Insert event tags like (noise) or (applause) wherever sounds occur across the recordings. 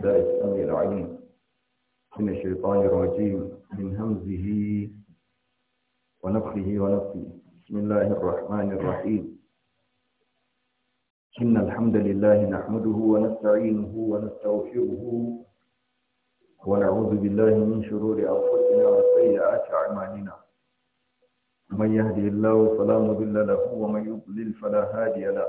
لا السميع العليم من الشيطان الرجيم من همزه ونفخه ونفخه بسم الله الرحمن الرحيم إن الحمد لله نحمده ونستعينه ونستغفره ونعوذ بالله من شرور أنفسنا وسيئات أعمالنا من يهدي الله فلا مضل له ومن يضلل فلا هادي له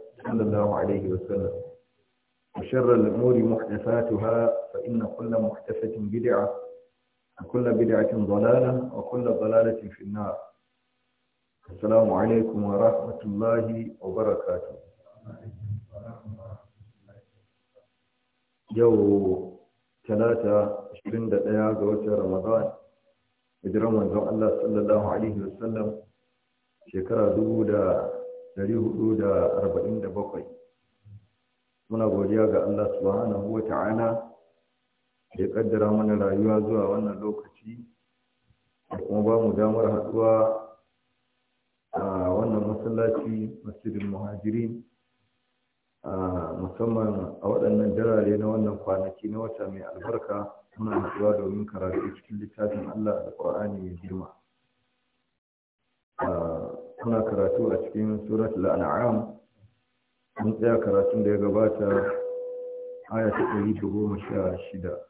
صلى الله عليه وسلم وشر الأمور محدثاتها فإن كل محدثة بدعة وكل بدعة ضلالة وكل ضلالة في النار السلام عليكم ورحمة الله وبركاته يوم ثلاثة عشرين دقيقة قوة رمضان إجرام الله صلى الله عليه وسلم shekara dubu 447 Suna godiya ga Allah subhanahu wa ta'ala da ya kaddara mana rayuwa zuwa wannan lokaci da kuma ba mu damar haɗuwa a wannan masallaci masjidin muhajiri musamman a waɗannan darare na wannan kwanaki na wata mai albarka muna haɗuwa domin karatu cikin littafin Allah da ƙur'ani mai girma. muna karatu a cikin surat al'an'am mun tsaya karatun da ya gabata aya ta ɗari da goma sha shida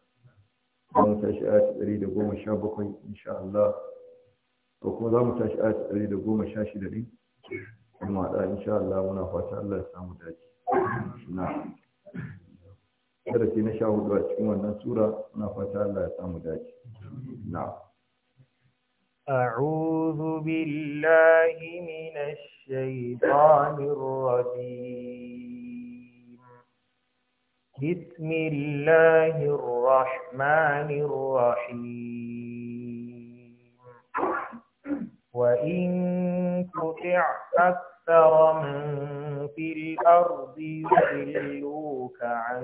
za mu tashi aya ta ɗari da goma sha bakwai insha Allah ko kuma za mu tashi aya ta ɗari da goma sha shida ɗin kuma da insha Allah muna fata Allah ya samu dace na darasi na sha hudu a cikin wannan sura muna fata Allah ya samu dace na أعوذ بالله من الشيطان الرجيم بسم الله الرحمن الرحيم وإن تطع أكثر من في الأرض يضلوك عن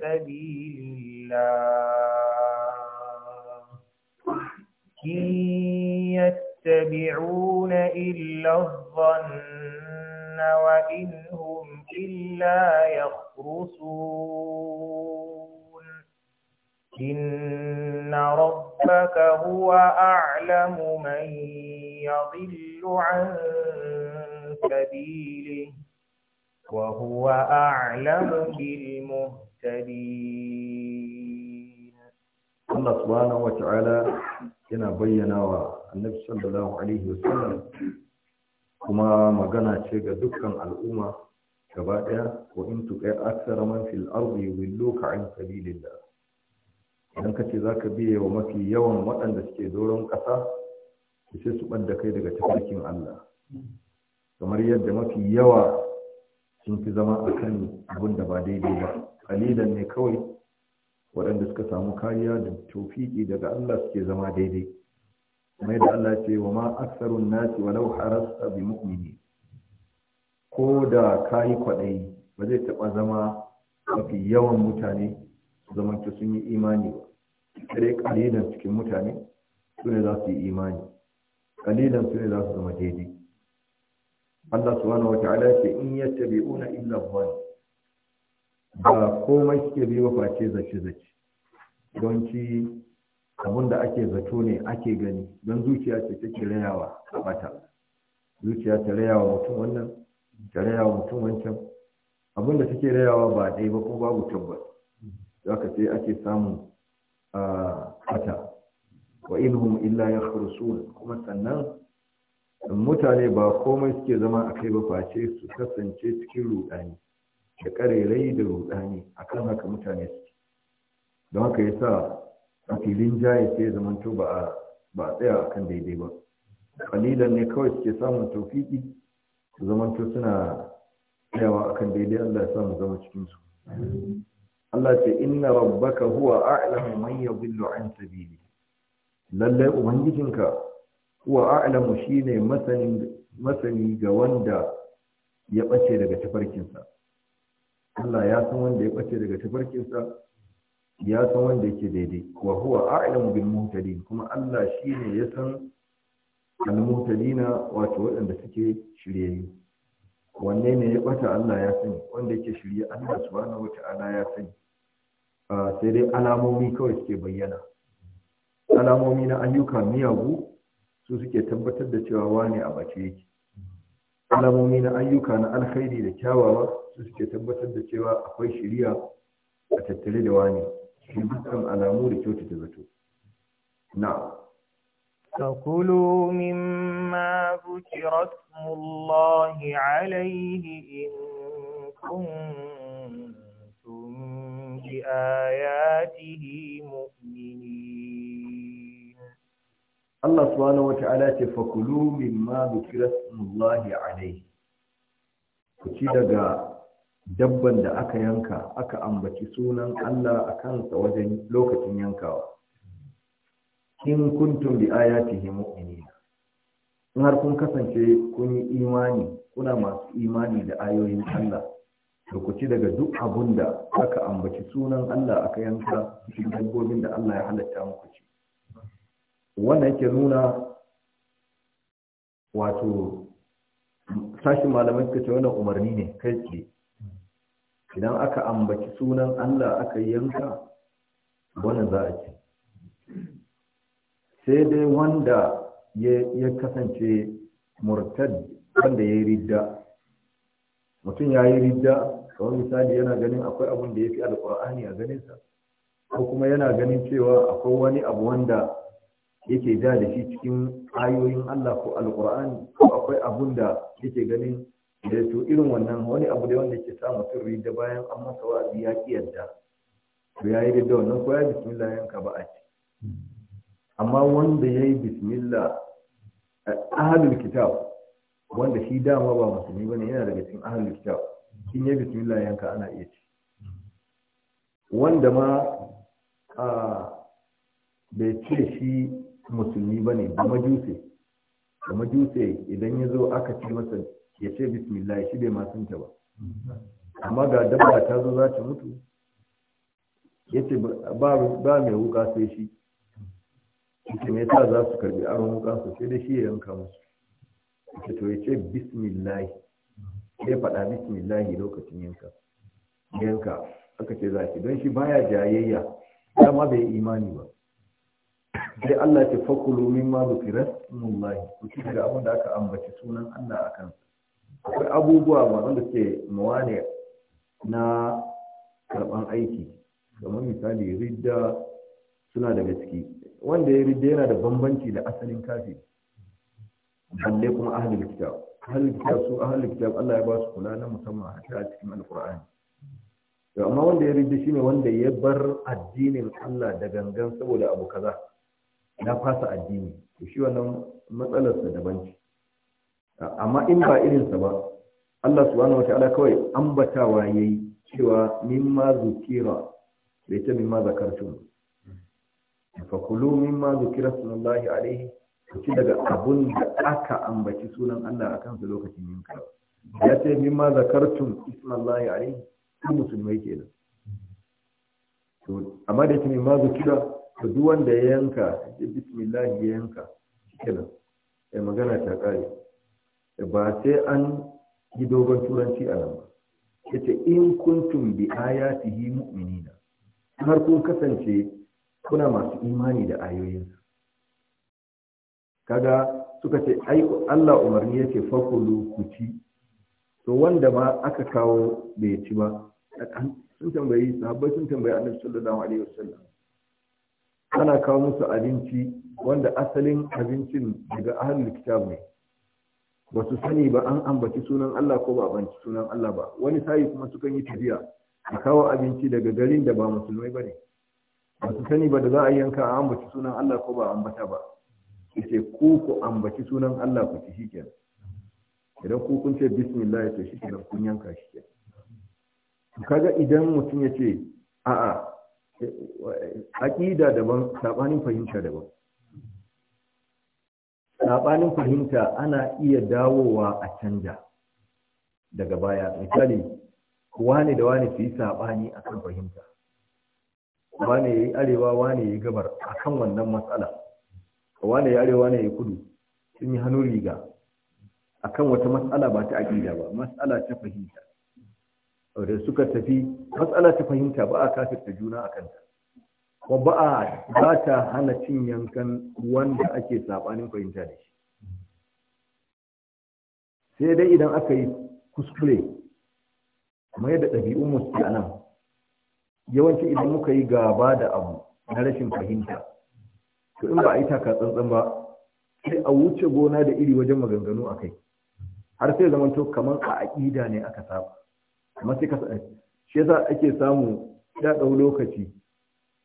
سبيل الله إن يتبعون إلا الظن وإن هم إلا يخرصون إن ربك هو أعلم من يضل عن سبيله وهو أعلم بالمهتدين الله سبحانه وتعالى yana bayyana wa annabi sallallahu alaihi wasallam kuma magana ce ga dukkan al'umma gaba daya ko in kai akthara man fil ardi yudilluka an sabilillah idan ka ce zaka biye wa mafi yawan waɗanda suke doron ƙasa sai su ɓadda kai daga tafarkin Allah kamar yadda mafi yawa sun fi zama akan abin da ba daidai ba kalilan ne kawai waɗanda suka samu kariya da tofiki daga Allah suke zama daidai kuma yadda Allah ce wa ma aksarun nasi walau harasta bi mu'mini ko da kayi kwaɗayi ba zai taɓa zama mafi yawan mutane su zamanta sun yi imani ba kare kalilan cikin mutane su ne za su yi imani kalilan su ne za su zama daidai Allah subhanahu wata'ala ce in yattabi'una illa dhann ba komai suke bi ba face zace zace yawanci abun da ake zato ne ake gani don zuciya ce take rayawa a bata zuciya ta rayawa mutum wannan ta rayawa mutum wancan abun da take rayawa ba ɗaya ba kuma babu tabbas za ka sai ake samun a bata wa inhum illa ya kuma sannan mutane ba komai suke zama a kai ba face su kasance cikin rudani da karerai da rudani akan haka mutane suke don haka ya sa a filin jaye sai ya to ba a tsaya a kan daidai ba kalilan ne kawai suke samun taufiki su to suna tsayawa a kan daidai allah ya samu zama cikinsu allah ce inna rabbaka huwa a'lamu man yadhillu an sabili lallai ubangijinka huwa a'lamu shine masani masani ga wanda ya bace daga tafarkinsa Allah ya san wanda ya bace daga tafarkinsa ya san wanda yake daidai wa huwa a'lamu bil muhtadin kuma Allah shine ya san al muhtadina wato waɗanda suke shiryayyu wanne ne ya bata Allah ya sani wanda yake shirye Allah subhanahu wata'ala ya sani sai dai alamomi kawai suke bayyana alamomi na ayyuka miyagu su suke tabbatar da cewa wane a bace yake alamomi na ayyuka na alkhairi da kyawawa su suke tabbatar da cewa akwai shiriya a tattare da wane shi dukkan alamu da kyautata zato na'am فكلوا مما ذكر اسم الله عليه إن كنتم بآياته مؤمنين الله سبحانه وتعالى فكلوا مما ذكر اسم الله عليه كتير dabban da aka yanka aka ambaci sunan Allah a kansa wajen lokacin yankawa in kuntum bi ayatihi mu'minina in har kun kasance kun yi imani kuna masu imani da ayoyin Allah to ku ci daga duk abun da aka ambaci sunan Allah aka yanka cikin dabbobin da Allah ya halatta muku ci wannan yake nuna wato sashin malamai suka ce wannan umarni ne kai tsaye idan aka ambaci sunan Allah aka yanka wani za a ce sai dai wanda ya kasance murtad wanda ya yi ridda mutum ya yi ridda kamar misali yana ganin akwai abun da ya fi alkur'ani a ganinsa ko kuma yana ganin cewa akwai wani abu wanda yake da shi cikin ayoyin Allah ko alkur'ani ko akwai abun da yake ganin da eh, to irin wannan wani abu da wanda ke sa mutum da bayan an masa wa'azi ya ki yadda to ya yi rida wannan ko ya bismillah yanka ba a ci amma wanda ya yi bismillah ahalul kitab wanda shi dama ba musulmi bane yana daga cikin ahalul kitab in ya bismillah yanka ana iya ci wanda ma bai ce shi musulmi bane da majuse da majuse idan ya zo aka ce masa ya ce bismillah shi bai masu ta ba amma ga dabba ta zo za ta mutu ya ce ba mai wuka sai shi ita me yasa za su karbi aron wuka sai da shi ya yanka musu ita to ya ce bismillah ya faɗa bismillah lokacin yanka yanka aka ce za ki don shi baya jayayya ma bai imani ba sai Allah ce fakulu mimma zukira smullahi ku ci daga abin da aka ambaci sunan Allah akan akwai abubuwa da suke mawane na karban aiki kamar misali ridda suna daga ciki wanda ya ridda yana da bambanci da asalin kafi balle kuma ahlul kitab ahlul kitab su ahlul kitab Allah ya ba su kula na musamman a cikin alqur'ani to amma wanda ya ridda shine wanda ya bar addinin Allah da gangan saboda abu kaza na fasa addini to shi wannan matsalar sa daban ce amma in ba irinsa ba Allah subhanahu wata'ala kawai ambatawa yayi cewa mimma zukira bai ce mimma zakartu fa kulu mimma zukira sallallahu alaihi kuci daga abun da aka ambaci sunan Allah akan su lokacin yin karo ya ce mimma zakartu sallallahu alaihi su musulmai kenan to amma da yake mimma zukira to duk wanda ya yanka bismillah ya yanka kenan eh magana ta kare ba sai an yi dogon turanci a nan ba yace in kuntum bi ayatihi mu'minina har kun kasance kuna masu imani da ayoyinsa kaga suka ce ai Allah umarni yake fakulu ku ci to wanda ma aka kawo bai ci ba sun tambayi sahabbai sun tambayi annabi sallallahu alaihi wasallam ana kawo musu abinci wanda asalin abincin daga ahlul kitab ne ba su sani ba an ambaci sunan Allah ko ba a banci sunan Allah ba wani sayi kuma sukan yi tafiya a kawo abinci daga garin da ba musulmai ba ne ba su sani ba da za a yanka a ambaci sunan Allah ko ba a ambata ba ce ku ku ambaci sunan Allah ku ci shikenan idan ku kun ce bismillah to kenan kun yanka shikenan kaga idan mutum ya ce a'a eh, aqida eh, daban sabanin fahimta daban saɓanin fahimta ana iya dawowa a canja daga baya misali wane da wane su yi saɓani a kan fahimta wane ya yi arewa wane ya yi gabar a kan wannan matsala wane ya arewa ne ya kudu sun yi hannun riga a kan wata matsala ba ta aƙida ba matsala ta fahimta da suka tafi matsala ta fahimta ba a kafirta juna a kanta wa ba'a ba ta hana cin yankan wanda ake sabanin fahimta da shi sai dai idan aka yi kuskure kuma yadda ɗabi'un mu a nan yawanci idan muka yi gaba da abu na rashin fahimta to in ba a yi taka tsantsan ba sai a wuce gona da iri wajen maganganu a kai har sai zaman to kamar a aƙida ne aka saba amma sai ka shi ake samu ya ɗau lokaci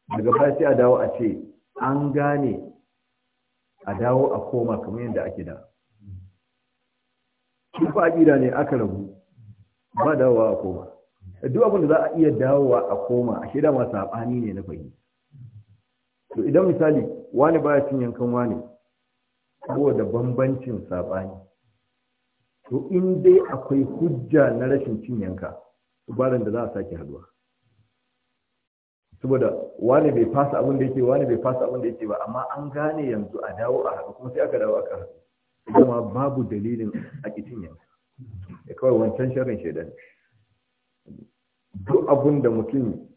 daga baya sai a dawo a ce an gane a dawo a koma kamar yadda ake da shi fa aƙida ne aka rabu ba dawowa a koma duk abin da za a iya dawowa a koma a shida masu saɓani ne na fahimta to idan misali wani baya cin yankan wani da bambancin saɓani to in dai akwai hujja na rashin cin yanka ba da za a sake haduwa saboda wani bai fasa abin da yake wani bai fasa abin da yake ba amma an gane yanzu a dawo a haɗu kuma sai aka dawo aka haɗu kuma babu dalilin a kitin yanzu ya kawai wancan sharrin shaidan duk abin da mutum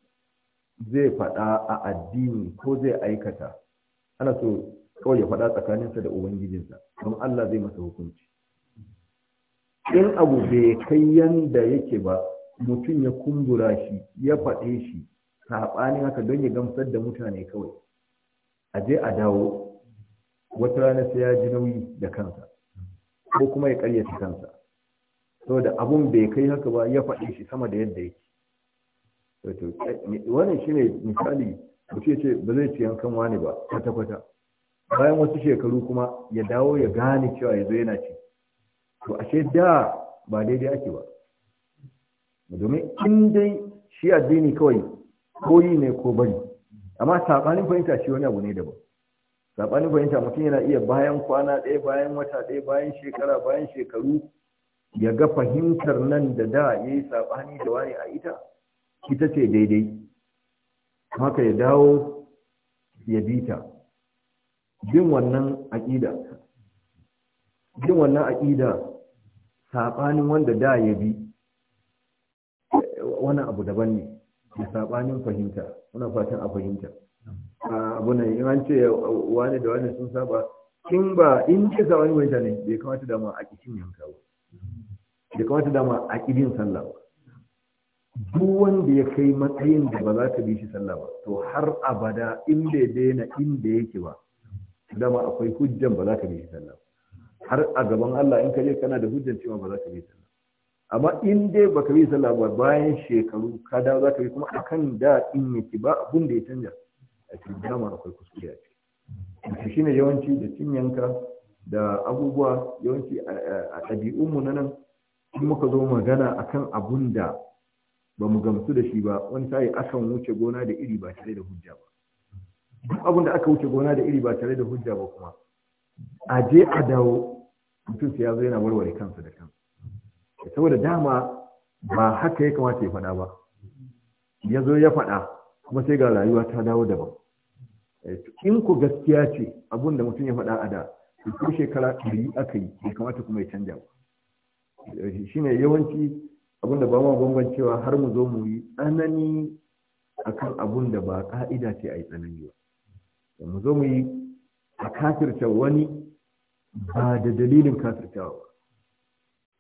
zai faɗa a addini ko zai aikata ana so kawai ya faɗa tsakaninsa da ubangijinsa don Allah zai masa hukunci in abu bai kai yanda yake ba mutum ya kumbura shi ya faɗe shi saɓani haka don ya gamsar da mutane kawai a je a dawo wata rana sai ya ji nauyi da kansa ko kuma ya karyata kansa saboda abun bai kai haka ba ya faɗi shi sama da yadda yake wannan shine misali mutum ce ba zai ci yankan wani ba kwata-kwata bayan wasu shekaru kuma ya dawo ya gane cewa ya zo yana ci to ashe da ba daidai ake ba domin in dai shi addini kawai ko yi ne ko bari amma saɓanin fahimta shi wani abu ne daban saɓanin fahimta mutum yana iya bayan kwana ɗaya bayan wata ɗaya bayan shekara bayan shekaru ya ga fahimtar nan da da ya yi saɓani da wani a ita ita ce daidai haka ya dawo ya bi ta bin wannan aƙida bin wannan aƙida saɓanin wanda da ya bi wani abu daban ne da sabanin fahimta muna fatan a fahimta abuna in an ce wani da wani sun saba Kin ba in ce sa wani wanda ne bai kamata da ma a kikin yanka ba bai kamata da ma a kidin sallah ba duk wanda ya kai matsayin da ba za ka bi shi sallah ba to har abada in bai daina inda yake ba dama akwai hujjan ba za ka bi shi sallah har a gaban Allah in ka je kana da hujjan cewa ba za ka bi sallah amma in dai baka yi sallah ba bayan shekaru ka dawo za ka bi kuma akan da in yake ba abun da ya canja a cikin dama akwai kuskure a ciki shine yawanci da cinyanka da abubuwa yawanci a ɗabi'unmu na nan in muka zo magana akan abun da ba mu gamsu da shi ba wani sai akan wuce gona da iri ba tare da hujja ba abun da aka wuce gona da iri ba tare da hujja ba kuma a je a dawo mutum sai ya zo yana warware kansa da kansa saboda dama ba haka ya kamata ya faɗa ba ya zo ya faɗa kuma sai ga rayuwa ta dawo daban eh, in ku gaskiya ce abun da mutum ya faɗa a da ko shekara ɗari aka yi ya kamata kuma ya canja ba eh, shine yawanci abun da ba ma bambancewa har mu zo mu yi tsanani a kan abun da ba ka'ida ce a yi tsanani ba mu zo mu yi a kafirta wani ba da dalilin kafirtawa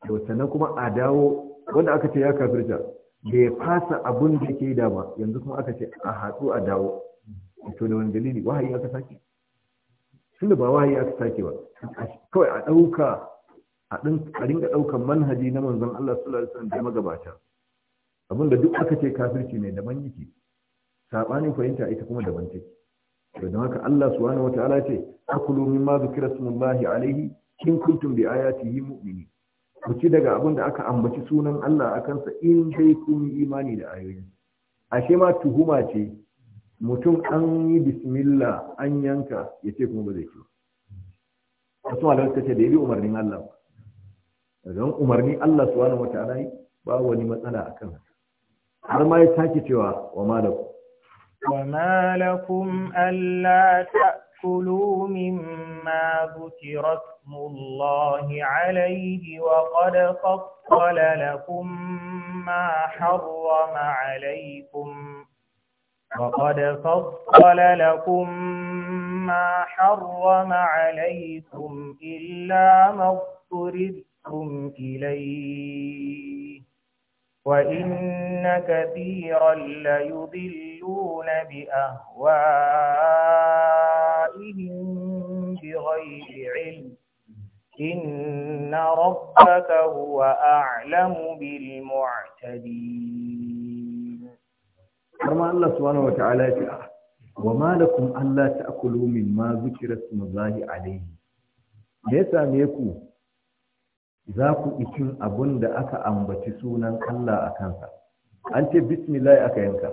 to sannan kuma a dawo wanda aka ce ya kafirta da ya fasa abin da ke da ba, yanzu kuma aka ce a hatsu a dawo to da wani dalili wahayi aka sake tun da ba wahayi aka sake ba kawai a ɗauka a ringa ɗaukan manhaji na manzon Allah sallallahu alaihi wasallam da magabata abin da duk aka ce kafirci ne daban yake sabanin fahimta ita kuma daban take to don haka Allah subhanahu wataala ce akulu mimma zikra smullahi alaihi in kuntum bi ayatihi mu'minin ku ci daga abin da aka ambaci sunan Allah a kansa in dai kun imani da ayoyi ashe ma tuhuma ce mutum an yi bismillah an yanka ya ce kuma ba zai ci wasu malamai ta ce da yi umarnin Allah don umarni Allah subhanahu wataala ba wani matsala akan har ma ya sake cewa wa malakum wa malakum alla ta كلوا مما ذكر اسم الله عليه وقد فصل لكم ما حرم عليكم وقد فصل لكم ما حرم عليكم إلا ما اضطررتم إليه وإن كثيرا ليضلون بأهوائهم بغير علم إن ربك هو أعلم بالمعتدين كما الله سبحانه وتعالى وما لكم ألا تأكلوا مما ذكر اسم الله عليه ليس عليكم za ku ikin abun da aka ambaci sunan Allah a kansa an ce bismillah aka yanka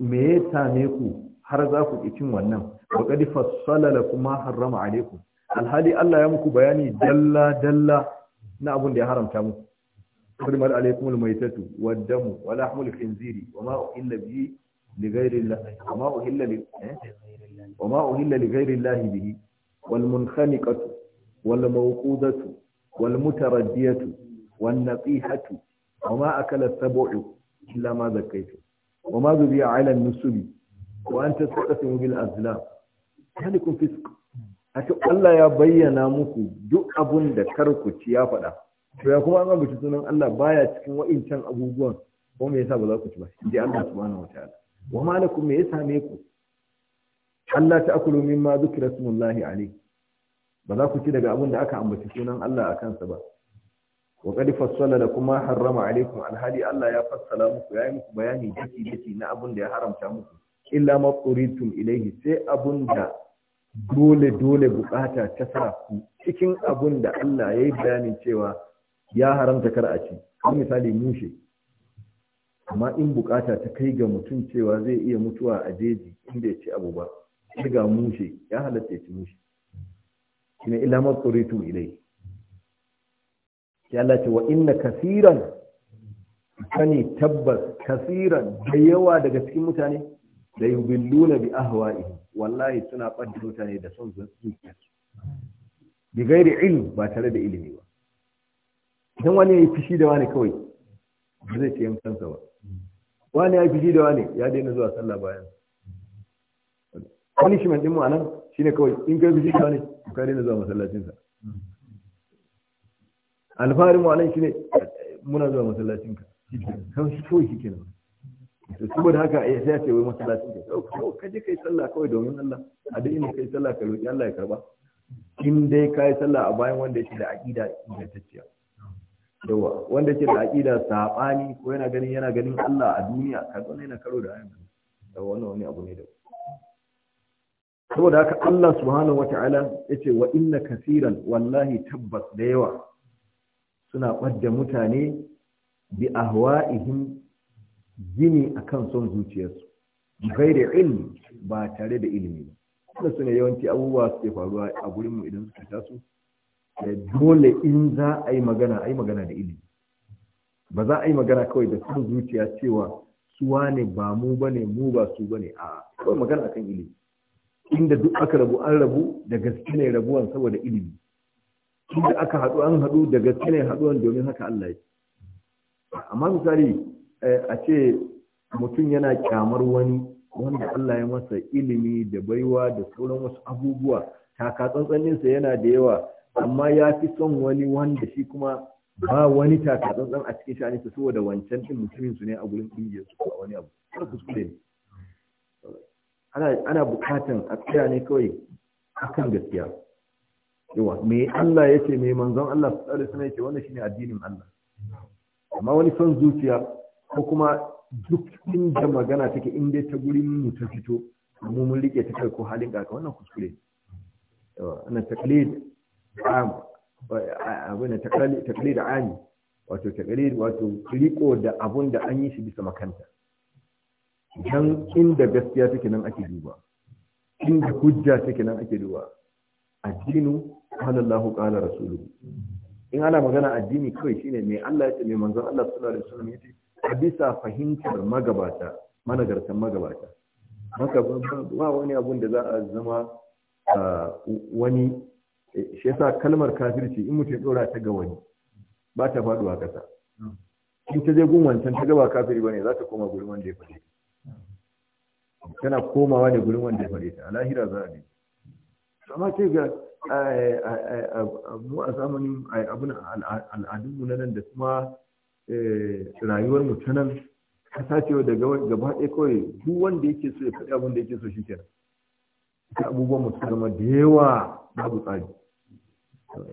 me ya same ku har za ku ikin wannan wa qad fassala lakum harrama alaykum alhali Allah ya muku bayani dalla dalla na abun da ya haramta mu. hurmat alaykum almaytatu wad-damu wa lahmul khinziri wa ma uhilla bihi li ghayri Allah wa ma uhilla li eh? wa ma uhilla li Allah bihi wal munkhaniqatu wal mawqudatu wal mutaraddiyatu wan nasihatu wa ma akala sab'u illa ma zakaitu wa ma zubiya ala nusubi wa an tasaqatu bil azlam halikum fisq aka Allah ya bayyana muku duk abun da karkuci ya faɗa to ya kuma an ambaci sunan Allah baya cikin wa'incan abubuwan ko me yasa ba za ku ci ba inji Allah subhanahu ta'ala. wa malakum me yasa me ku Allah akulu mimma dhukira smullahi alayhi ba za ku ci daga abin da aka ambaci sunan Allah a kansa ba wa qad fassala kuma kuma harrama alaikum alhadi Allah ya fassala muku ya yi muku bayani daki daki na abin da ya haramta muku illa ma turitum ilayhi sai abin da dole dole bukata ta sa cikin abun da Allah ya yi bayanin cewa ya haramta kar a ci misali mushe amma in bukata ta kai ga mutum cewa zai iya mutuwa a jeji inda ya ci abu ba ga mushe ya halatta ya ci mushe shine illa ma tsuritu ilai sai Allah ce wa inna kasiran kani tabbas kasiran da yawa daga cikin mutane da yubilluna bi ahwa'i wallahi suna ɓanta mutane da son zuciya bi gairi ilmi ba tare da ilimi ba idan wani ya yi fishi da wani kawai ba zai ce yamsansa ba wani ya yi fishi da wani ya daina zuwa sallah bayan Wani shi din mu anan shine kawai in kai bishi ne ka daina zuwa masallacin sa alfarin mu shi shine muna zuwa masallacin ka shi kawai shi kenan to saboda haka eh, sai ya ce wai masallacin ka ka je kai sallah kawai domin Allah a duk inda kai sallah ka roki Allah ya karba in dai kai sallah a bayan wanda yake da aqida ingantacciya yawa wanda yake da aqida sabani ko yana ganin yana ganin Allah a duniya kaga ne na karo da ayyuka wannan wani abu ne da saboda haka Allah subhanahu wata'ala ce, wa inna kasiran, wallahi tabbas da yawa suna ɓadda mutane bi ahwa'ihim gini akan son zuciyarsu gairi ilmi ba tare da ilimi ba suna yawanci abubuwa suke faruwa a gurinmu idan suka taso dole in za a yi magana a yi magana da ilimi ba za a yi magana kawai da son zuciya cewa suwa ne ba mu ba ne mu ba su ba ne a kawai magana akan ilimi inda duk aka rabu an rabu da gaske ne rabuwan saboda ilimi inda aka haɗu an haɗu da gaske ne haɗuwan domin haka Allah ya amma misali eh, a ce mutum yana kyamar wani wanda Allah ya masa ilimi da baiwa da sauran wasu abubuwa taka tsantsaninsa yana da yawa amma ya fi son wani wanda shi kuma ba wani taka tsantsan a cikin sha'aninsa saboda wancan ɗin mutumin su ne a gurin ƙungiyar su a wani abu kuskure ne ana bukatan a tsaya ne kawai akan gaskiya yawa me Allah ya ce me manzon Allah sallallahu alaihi wasallam ya ce wannan shine addinin Allah amma wani son zuciya ko kuma duk inda magana take in dai ta gurin mu ta fito mu mun rike ta kai ko halin kaka wannan kuskure yawa wannan taklid am abin taklid taklid ani wato taklid wato riko da abun da an yi shi bisa makanta dan inda gaskiya take nan ake duba inda hujja take nan ake duba addinu qala Allahu qala rasuluhu in ana magana addini kawai shine me Allah ya ce me manzon Allah sallallahu alaihi wasallam ya ce a bisa fahimtar magabata managartan magabata haka ba wani abun da za a zama wani eh, shi yasa kalmar kafirci in mutum dora ta ga wani ba ta faduwa kasa in ta je gun wancan ta gaba kafiri bane za ta koma gurin wanda ya faɗi tana komawa ne gurin wanda ya ta a lahira za a ne amma ce ga eh, eh, eh, mu a zamanin abin al'adunmu na nan da kuma rayuwar mu ta nan kasa wa daga gaba ɗaya kawai duk wanda yake so ya faɗi abin da yake so shi kenan abubuwan mu ta zama da yawa babu tsari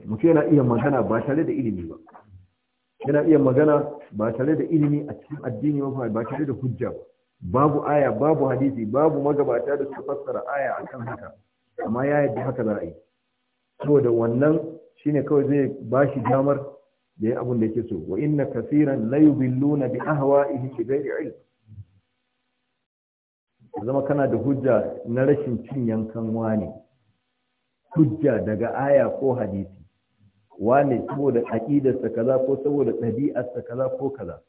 mutum yana iya magana ba tare da ilimi ba yana iya magana ba tare da ilimi a cikin addini ba ba tare da hujja ba babu aya babu hadisi babu magabata da suka fassara aya akan haka amma ya yi haka za a yi saboda wannan shine kawai zai ba shi damar da ya abin da yake so wa inna kasiran la yubilluna bi ahwa'ihim bi ghairi ilm zama kana da hujja na rashin cin yankan wani hujja daga aya ko hadisi wane saboda aqidarsa kaza ko saboda ɗabi'arsa kaza ko kaza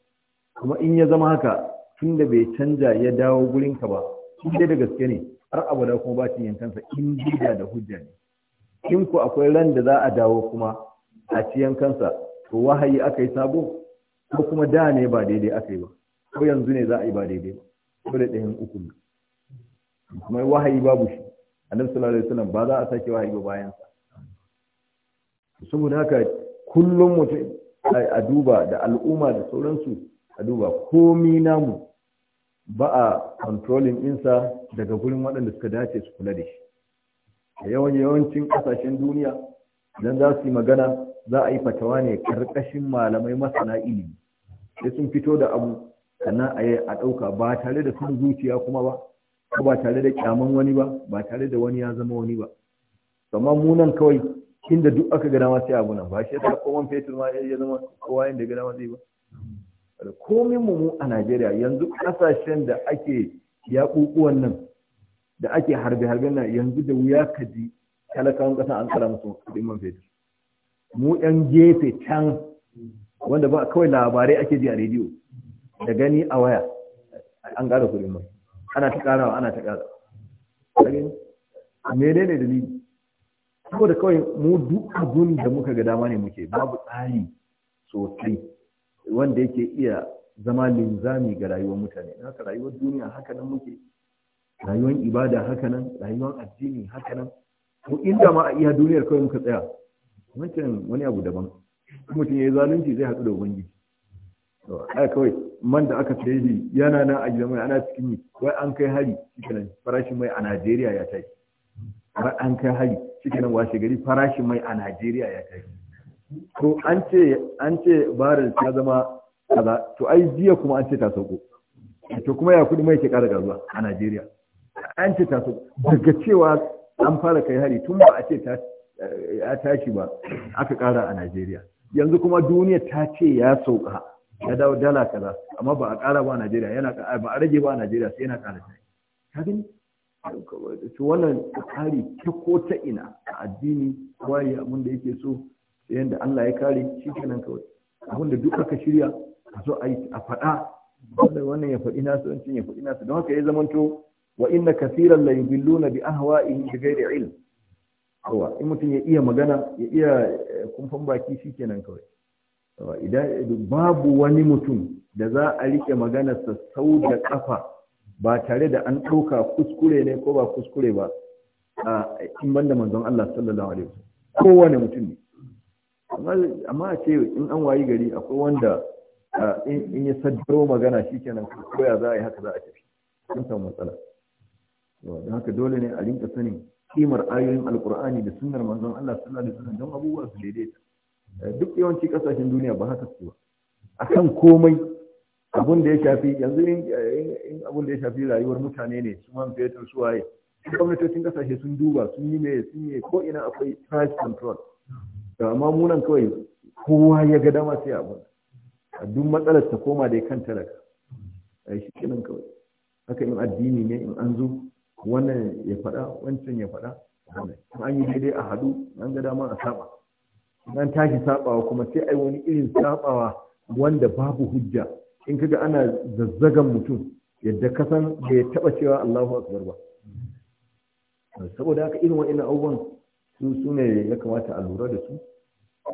kuma in ya zama haka tun da bai canja ya dawo gurin ka ba in dai da gaske ne har abada kuma ba cin yankansa in dida da hujja ne in ku akwai ran da za a dawo kuma a yankan sa to wahayi aka yi sabo ko kuma da ne ba daidai aka yi ba ko yanzu ne za a yi ba daidai ba ko da ɗayan uku ne kuma wahayi babu shi annabi sallallahu alaihi wasallam ba za a sake wahayi ba bayan sa saboda haka kullum mutum a duba da al'umma da sauransu a duba komi namu ba a controlling insa daga gurin waɗanda suka dace su kula da shi a yawan yawancin ƙasashen duniya idan za su yi magana za a yi fatawa ne karkashin malamai masana ilimi sai sun fito da abu sannan a yi a ɗauka ba tare da sun zuciya kuma ba ko ba tare da kyaman wani ba ba tare da wani ya zama wani ba amma mu kawai inda duk aka gana ma sai abu nan ba shi ya ta kowan fetur ma ya zama kowa inda gana ma zai ba komin mu mu a Najeriya yanzu kasashen da ake yaƙuƙuwan nan da ake harbe-harbe nan yanzu da wuya ka ji talakawan ƙasa an tsara musu kudin man fetur mu ɗan gefe can wanda ba kawai labarai ake ji a rediyo da gani a waya an ƙara kudin man ana ta ƙarawa ana ta ƙarawa menene dalili saboda kawai mu duk abun da muka ga dama ne muke babu tsari sosai wanda yake iya zama linzami ga rayuwar mutane haka rayuwar duniya haka nan muke rayuwar ibada haka nan rayuwar addini haka nan ko inda ma a iya duniyar kawai muka tsaya wancan wani abu daban mutum ya yi zalunci zai haɗu da ubangiji ai kawai man da aka tsaye shi yana nan a gidan mai ana cikin yi wai an kai hari Cikin farashin mai a Najeriya ya tashi wai an kai hari Cikin washe gari farashin mai a Najeriya ya tashi to an ce an ce barin ta zama kaza to ai jiya kuma an ce ta sauko to kuma ya kudi mai ke kara karuwa a Najeriya an ce ta sauko daga cewa an fara kai hari tun ba a ce ta ya tashi ba aka kara a Najeriya yanzu kuma duniya ta ce ya sauka ya dawo dala kaza amma ba a kara ba a Najeriya yana ba a rage ba a Najeriya sai yana kara tashi ka gani to wannan tsari ta ko ta ina a addini wai mun da yake so sai yanda Allah ya kare shi kenan kawai abin da duk aka shirya a zo a yi a faɗa wannan ya faɗi nasu wancan ya faɗi nasu don haka ya zamanto wa inna kaseeran la yubilluna bi ahwa'ihim bi ghairi ilm yawa in mutum ya iya magana ya iya eh, kumfan baki shi kenan kawai idan babu wani mutum da za a rike maganarsa sau da kafa ba tare da an ɗauka kuskure ne ko ba kuskure ba in banda manzon Allah sallallahu alaihi wasallam kowane mutum ne amma a ce in an wayi gari akwai wanda in ya saddaro magana shi kenan koya za a yi haka za a tafi sun samu matsala don haka dole ne a rinka sanin kimar ayoyin alkur'ani da sunnar manzon Allah sallallahu alaihi wasallam don abubuwa su daidaita eh, duk yawanci kasashen duniya ba haka su ba akan komai abun da ya shafi yanzu in abun da ya shafi rayuwar mutane ne su man fetur su waye gwamnatocin kasashe sun duba sun yi mai sun yi ko ina akwai price control da amma munan kawai kowa ya ga dama sai abu a duk matsalar ta koma da kan talaka a yi shi kawai haka in addini ne in an zo wannan ya faɗa wancan ya faɗa in an yi daidai a haɗu an ga dama a saba an tashi sabawa kuma sai ai wani irin sabawa wanda babu hujja in kaga ana zazzagan mutum yadda kasan bai taɓa cewa Allahu akbar ba saboda haka irin wa'in abubuwan su su ne ya kamata a lura da su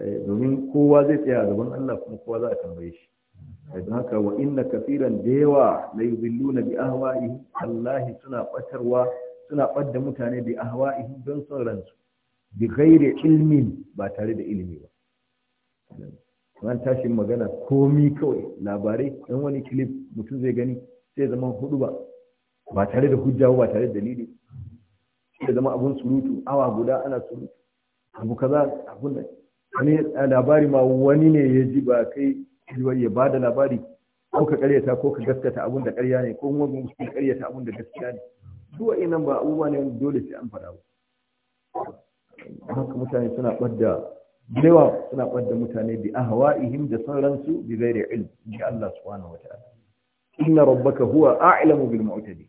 eh, domin kowa zai tsaya a gaban Allah kuma kowa za a tambaye shi eh, don haka wa inna kafiran da yawa na yi billu na bi ahwa'ihi Allahi suna ɓatarwa suna ɓadda mutane bi ahwa'ihi don son ransu bi ghairi ilmin ba tare da ilimi ba wani tashin magana komi kawai labarai dan wani kilif mutum zai gani sai zama hudu ba ba tare da hujja ba tare da dalili ya zama abun surutu awa guda ana surutu abu kaza abun da wani labari ma wani ne ya ji ba kai ya ba da labari ko ka karyata ko ka gaskata abun da karya ne ko kuma ka karyata abun da gaskiya ne Su wa nan ba abubuwa ne dole sai an faɗa ba haka mutane suna ɓadda dewa suna ɓadda mutane bi ahwa'ihim da son ransu bi ghairi ilm ji Allah subhanahu wa ta'ala inna rabbaka huwa a'lamu bil mu'tadi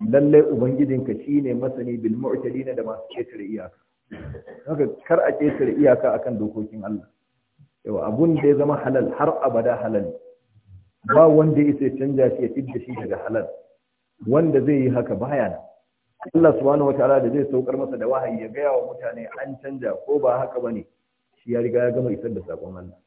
lallai ubangijinka ne masani bil mu'tadina da masu ketare iyaka haka kar a ketare iyaka akan dokokin Allah yawa abun da ya zama halal har abada halal ba wanda ya sai canja shi ya fidda shi daga halal wanda zai yi haka baya na Allah subhanahu wataala da zai saukar masa da wahayi ya gaya wa mutane an canja ko ba haka bane shi ya riga ya gama isar da sakon Allah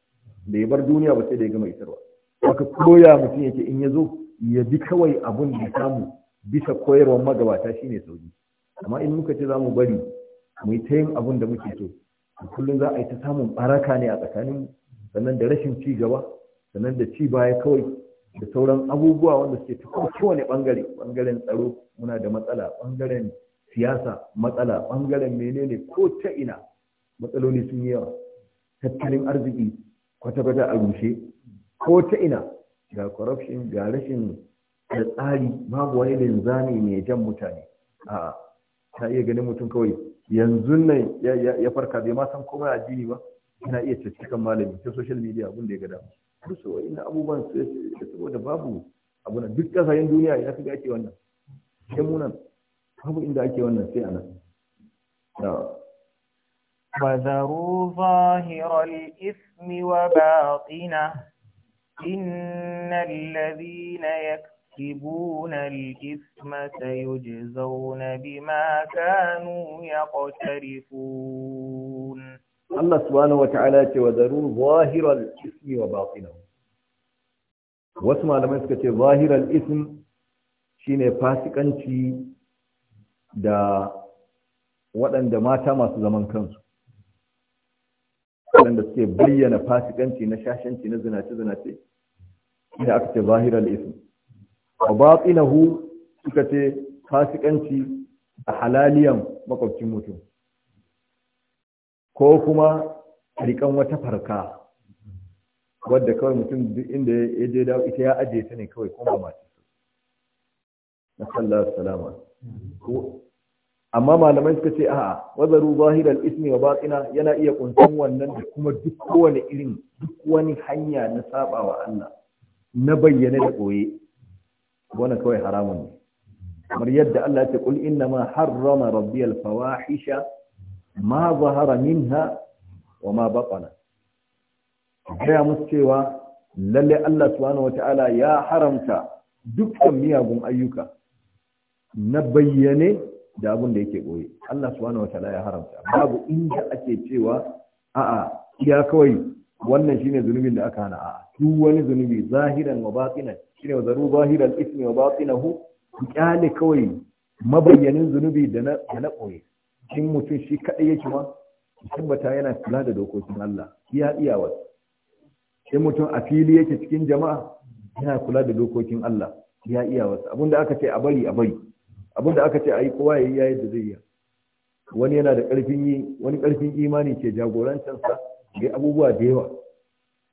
bai bar duniya ba sai da ya gama isarwa haka koya mutum yake in ya zo ya bi kawai abun da samu bisa koyarwar magabata shine sauki amma in muka ce za mu bari mu yi ta yin abin da muke so kullum za a yi ta samun baraka ne a tsakanin sannan da rashin ci gaba sannan da ci baya kawai da sauran abubuwa wanda suke ta kowane bangare bangaren tsaro muna da matsala bangaren siyasa matsala bangaren menene ko ta ina matsaloli sun yi yawa tattalin arziki kwata-kwata a rushe ko ta ina ga corruption ga rashin da tsari babu wani linzami mai jan mutane a ta iya ganin mutum kawai yanzu nan ya farka bai ma san komai addini ba yana iya cikin malami ta social media abun da ya gada duk su na abubuwan saboda babu abuna duk kasayen duniya ya fi ake wannan sai munan babu inda ake wannan sai anan وذروا ظاهر الإثم وباطنه إن الذين يكفرون يرتكبون الإثم سيجزون بما كانوا يقترفون الله سبحانه وتعالى وذروا ظاهر الإثم وباطنه واسمع لما يسكت ظاهر الإثم شيني فاسقنشي دا waɗanda mata masu zaman kansu waɗanda suke bayyana fasikanci na shashanci na zinace-zinace da aka ce zahirar ism wa batinahu suka ce fasikanci da halaliyan makwabcin mutum ko kuma rikan wata farka wadda kawai mutum inda ya je dawo ita ya ajiye ta ne kawai kuma mace na sallar salama amma malamai suka ce a'a wazaru zahiral ismi wa batina yana iya kunsan wannan da kuma duk kowane irin duk wani hanya na sabawa Allah na bayyane da koye wannan kawai haramun ne kamar yadda Allah ya ce kul inna ma harrama al fawahisha ma zahara minha wa ma batana gaya musu cewa lalle Allah subhanahu wata'ala ya haramta dukkan miyagun ayyuka na bayyane da abin da yake boye Allah subhanahu wata'ala ya haramta babu inda ake cewa a'a iya kawai wannan shine zunubin da aka hana a duk wani zunubi zahiran wa batinan shine wa zaru zahiran ismi wa batinahu kyale kawai mabayyanin zunubi da na da na koyi kin mutum shi kadai yake ma tabbata yana kula da dokokin Allah iya iyawa in mutum a fili yake cikin jama'a yana kula da dokokin Allah ya iya wasu abinda aka ce a bari a bari abinda aka ce a yi kowa ya yi da zai yi wani yana da karfin yi wani ƙarfin imani ke sa? da abubuwa da yawa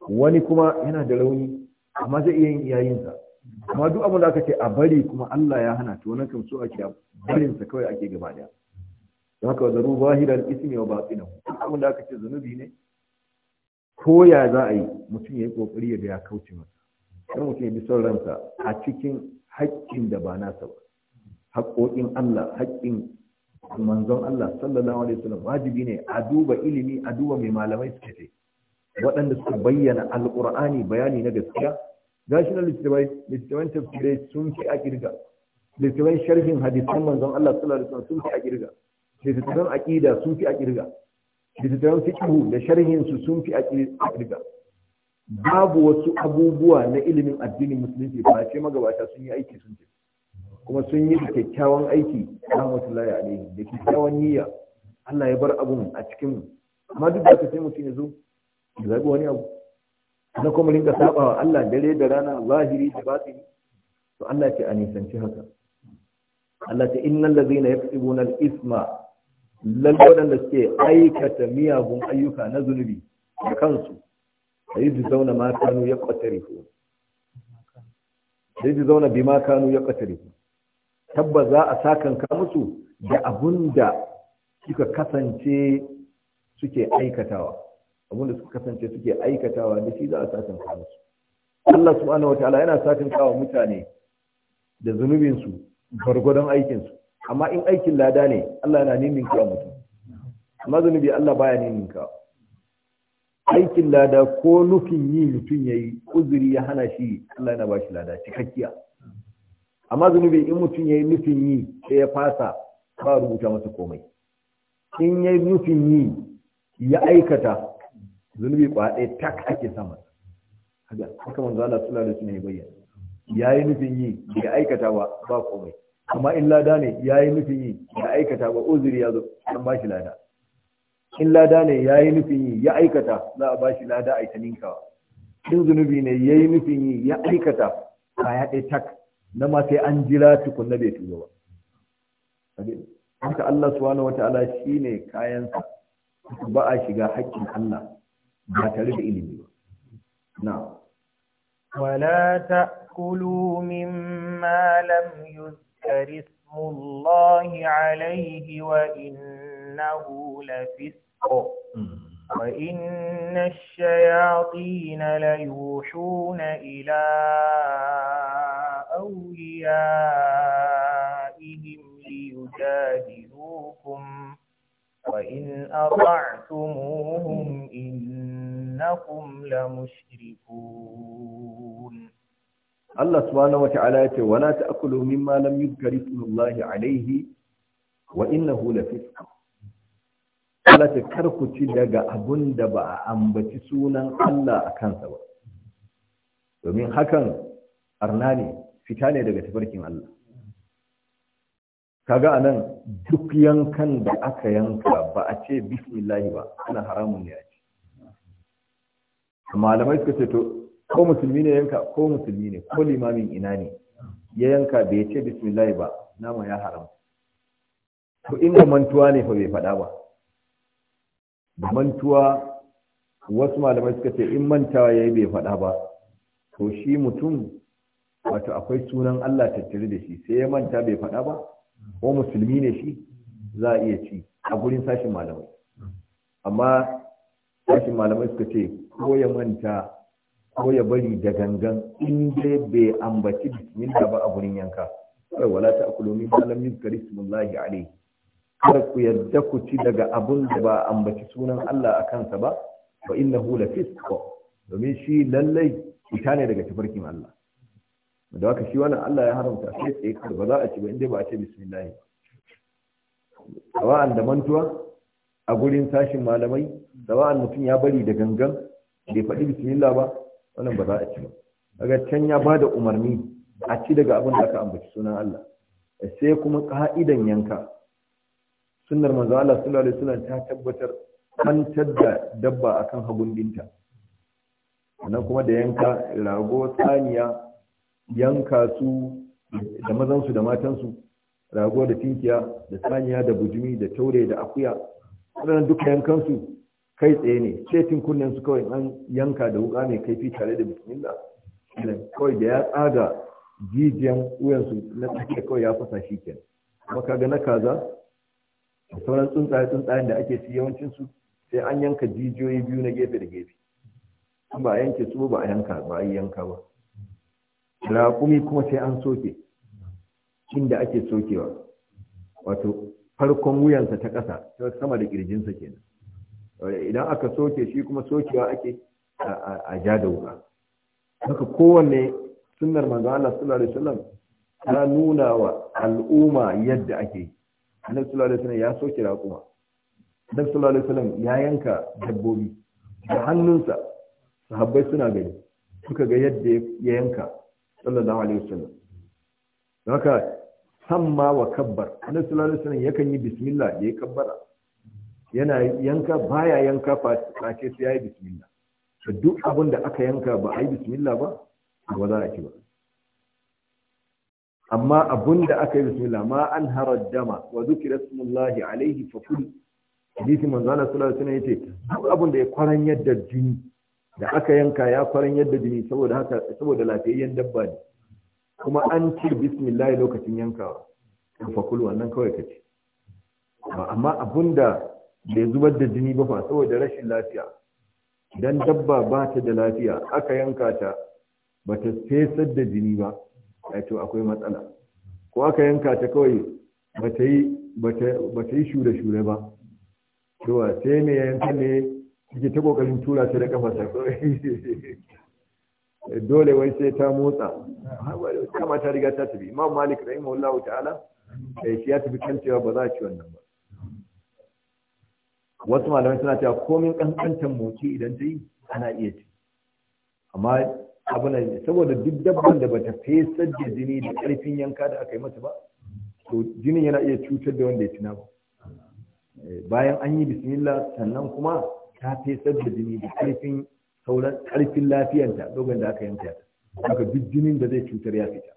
wani kuma yana da rauni amma zai iya yin iyayinsa amma duk abin da aka ce a bari kuma Allah ya hana to nan kam so ake barin sa kawai ake gaba daya don haka zaru zahiran ismi wa batinahu abin da aka ce zanubi ne ko ya za a yi mutum ya yi kokari ya ga ya kauce masa Kuma mutum ya bi son ransa a cikin haƙƙin da ba nasa ba haƙƙoƙin Allah haƙƙin manzon Allah sallallahu alaihi wasallam wajibi ne a duba ilimi a duba mai malamai suke ce waɗanda suka bayyana alqur'ani bayani na gaskiya gashi na littafai littafan tafsirai sun fi a kirga littafan sharhin hadisan manzon Allah sallallahu alaihi wasallam sun fi a kirga littafan aqida sun fi a kirga littafan fiqh da sharhin su sun fi a kirga babu wasu abubuwa na ilimin addinin musulunci ba ce magabata sun yi aiki sun ce kuma sun yi kyakkyawan aiki rahmatullahi alaihi da kyakkyawan niyya Allah ya bar abun a cikin mu amma duk da ka sai mutum ya zo ya zabi wani abu na kuma rinka sabawa Allah dare da rana zahiri da batini to Allah ce a nisanci haka Allah ce innal ladzina yaktubuna al-isma lallai da suke aikata miyagun ayyuka na zunubi da kansu da yi zauna ma kanu ya ƙwatare ku da zauna bi ma kanu ya ƙwatare ku Tabba za a sakanka musu da abun da suka kasance suke aikatawa abun da suka kasance suke aikatawa da shi za a sakanka musu Allah subhanahu wataala yana sakanka wa mutane da zunubinsu gwargwadon aikinsu amma in aikin lada ne Allah yana ka mutum amma zunubi Allah baya nininka aikin lada ko nufin yi mutum ya yi uzuri ya hana shi Allah yana ba shi lada cikakkiya amma zunubi in mutum ya yi nufin yi sai ya fasa ba rubuta masa komai in ya yi nufin yi ya aikata zunubi kwaɗe tak ake sama haka manzo Allah sallallahu alaihi wasallam ya bayyana ya yi nufin yi ya aikata ba ba komai amma in lada ne ya yi nufin yi ya aikata ba uzuri ya zo an ba shi lada in lada ne ya yi nufin yi ya aikata za a ba shi lada a ta ninkawa in zunubi ne ya yi nufin yi ya aikata ba ya ɗaya tak na ma sai an jira tukunna bai tuba ba haka Allah subhanahu shi shine kayansa, ba a shiga haƙƙin Allah ba tare da ilimi ba na wala ta'kulu mimma malam yuzkar ismullahi alayhi wa innahu lafisq وإن الشياطين ليوحون إلى أوليائهم ليجادلوكم وإن أطعتموهم إنكم لمشركون الله سبحانه وتعالى ولا تأكلوا مما لم يذكر اسم الله عليه وإنه لفسق Allah ta karkuci daga abun da ba a ambaci sunan Allah a kansa ba, domin hakan arna ne, fita ne daga tafarkin Allah kaga anan duk yankan da aka yanka ba a ce bismillahi ba ana haramun ne a ce malamai suka ce to ko musulmi ne yanka ko musulmi ne ko limamin ina ne ya yanka bai ce bismillahi ba nama ya haram. to inda mantuwa ne fa bai faɗa ba da mantuwa wasu malamai suka ce in mantawa ya yi bai faɗa ba to shi mutum wato akwai sunan Allah tattare da shi sai ya manta bai faɗa ba ko musulmi ne shi za a iya ci a gurin sashin malamai amma sashin malamai suka ce ko ya manta ko ya bari da gangan in dai bai ambaci bismillah ba a gurin yanka kai wala ta akulu min malam min karismullahi alayhi Kar ku yadda ku ci daga abun da ba ambaci sunan Allah a kansa ba fa innahu lafisq domin shi lallai ita ne daga tafarkin Allah da haka shi wannan Allah ya haramta sai tsaye kar ba za a ci ba inda ba a ce bismillah sawa'an da mantuwa a gurin sashin malamai sawa'an mutum ya bari da gangan bai faɗi bismillah ba wannan ba za a ci ba daga can ya ba da umarni a ci daga abin da aka ambaci sunan Allah sai kuma ka'idan yanka sunnar manzo Allah sallallahu alaihi wasallam ta tabbatar kwantar da dabba akan hagun dinta sannan kuma da yanka rago tsaniya. yanka su da mazansu da matansu rago da tinkiya da saniya da bujumi da taure da akuya waɗannan duka yankansu kai tsaye ne cetin kunnen su kawai an yanka da wuka mai kaifi tare da bismillah kawai da ya tsaga jijiyan na tsakiya kawai ya fasa shi kenan kuma kaga na kaza da sauran tsuntsaye tsuntsayen da ake ci yawancin su sai an yanka jijiyoyi biyu na gefe da gefe ba a yanke su ba a yanka ba a yi yanka ba raƙumi kuma sai an soke inda ake sokewa wato farkon wuyansa ta ƙasa ta sama da ƙirjinsa kenan idan aka soke shi kuma sokewa ake a ja da wuka haka kowanne sunnar manzo Allah sallallahu alaihi wasallam ta nuna wa al'umma yadda ake annabi sallallahu alaihi wasallam ya soke raƙuma annabi sallallahu alaihi wasallam ya yanka dabbobi da hannunsa sahabbai suna gani suka ga yadda ya yanka sallallahu alaihi wasallam don haka samma wa kabbar annabi sallallahu alaihi wasallam yakan yi bismillah da ya kabbara yana yanka baya yanka fa sai yayi bismillah to duk abin da aka yanka ba a yi bismillah ba ba za a ci ba amma abin da aka yi bismillah ma an harar dama wa zukira sunullahi alaihi fa kul hadisi manzo Allah sallallahu alaihi wasallam yace duk abin da ya kwaran yadda jini da aka yanka ya kwaran yadda jini saboda haka saboda lafiyayyen dabba ne kuma an ci bismillah lokacin yankawa in fakulu wannan kawai ka ce amma abunda da bai zubar da jini ba fa saboda rashin lafiya idan dabba ba ta da lafiya aka yanka ta ba ta fesar da jini ba ya to akwai matsala ko aka yanka ta kawai ba ta yi shure-shure ba cewa sai ne yanka ne suke ta kokarin tura ta da kafa (laughs) dole wai sai ta motsa kama ta riga ta tafi imam malik rahimahullah ta'ala eh, shi ya tafi kan cewa ba za a ci wannan ba wasu malamai suna cewa komin kankantan motsi idan ta yi ana iya ci amma abu na saboda duk dabban da bata fesa da jini da karfin yanka da aka yi mata ba to jinin yana iya cutar da wanda ya ci ba eh, bayan an yi bismillah sannan kuma ta fesar da jini da karfin sauran karfin lafiyanta dogon da aka yanka ta aka duk jinin da zai cutar ya fita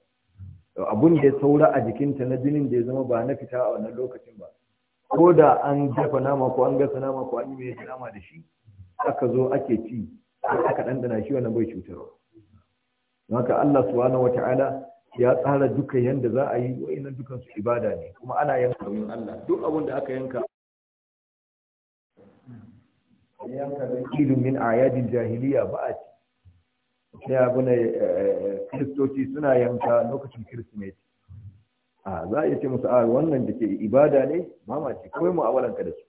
abun da ya saura a jikinta na jinin da ya zama ba na fita a wannan lokacin ba ko da an dafa nama ko an gasa nama ko an yi mai nama da shi aka zo ake ci aka ɗanɗana shi wannan bai cutarwa haka Allah subhanahu wata'ala ya tsara duka yanda za a yi wa'annan dukan su ibada ne kuma ana yanka wurin Allah duk abun da aka yanka ilimin ayadin jahiliya ba a ci sai abu na eh, kiristoci suna yanka lokacin kirsimeti a za a iya ce musu a wannan da ke ibada ne mamaci kawai mu ka da su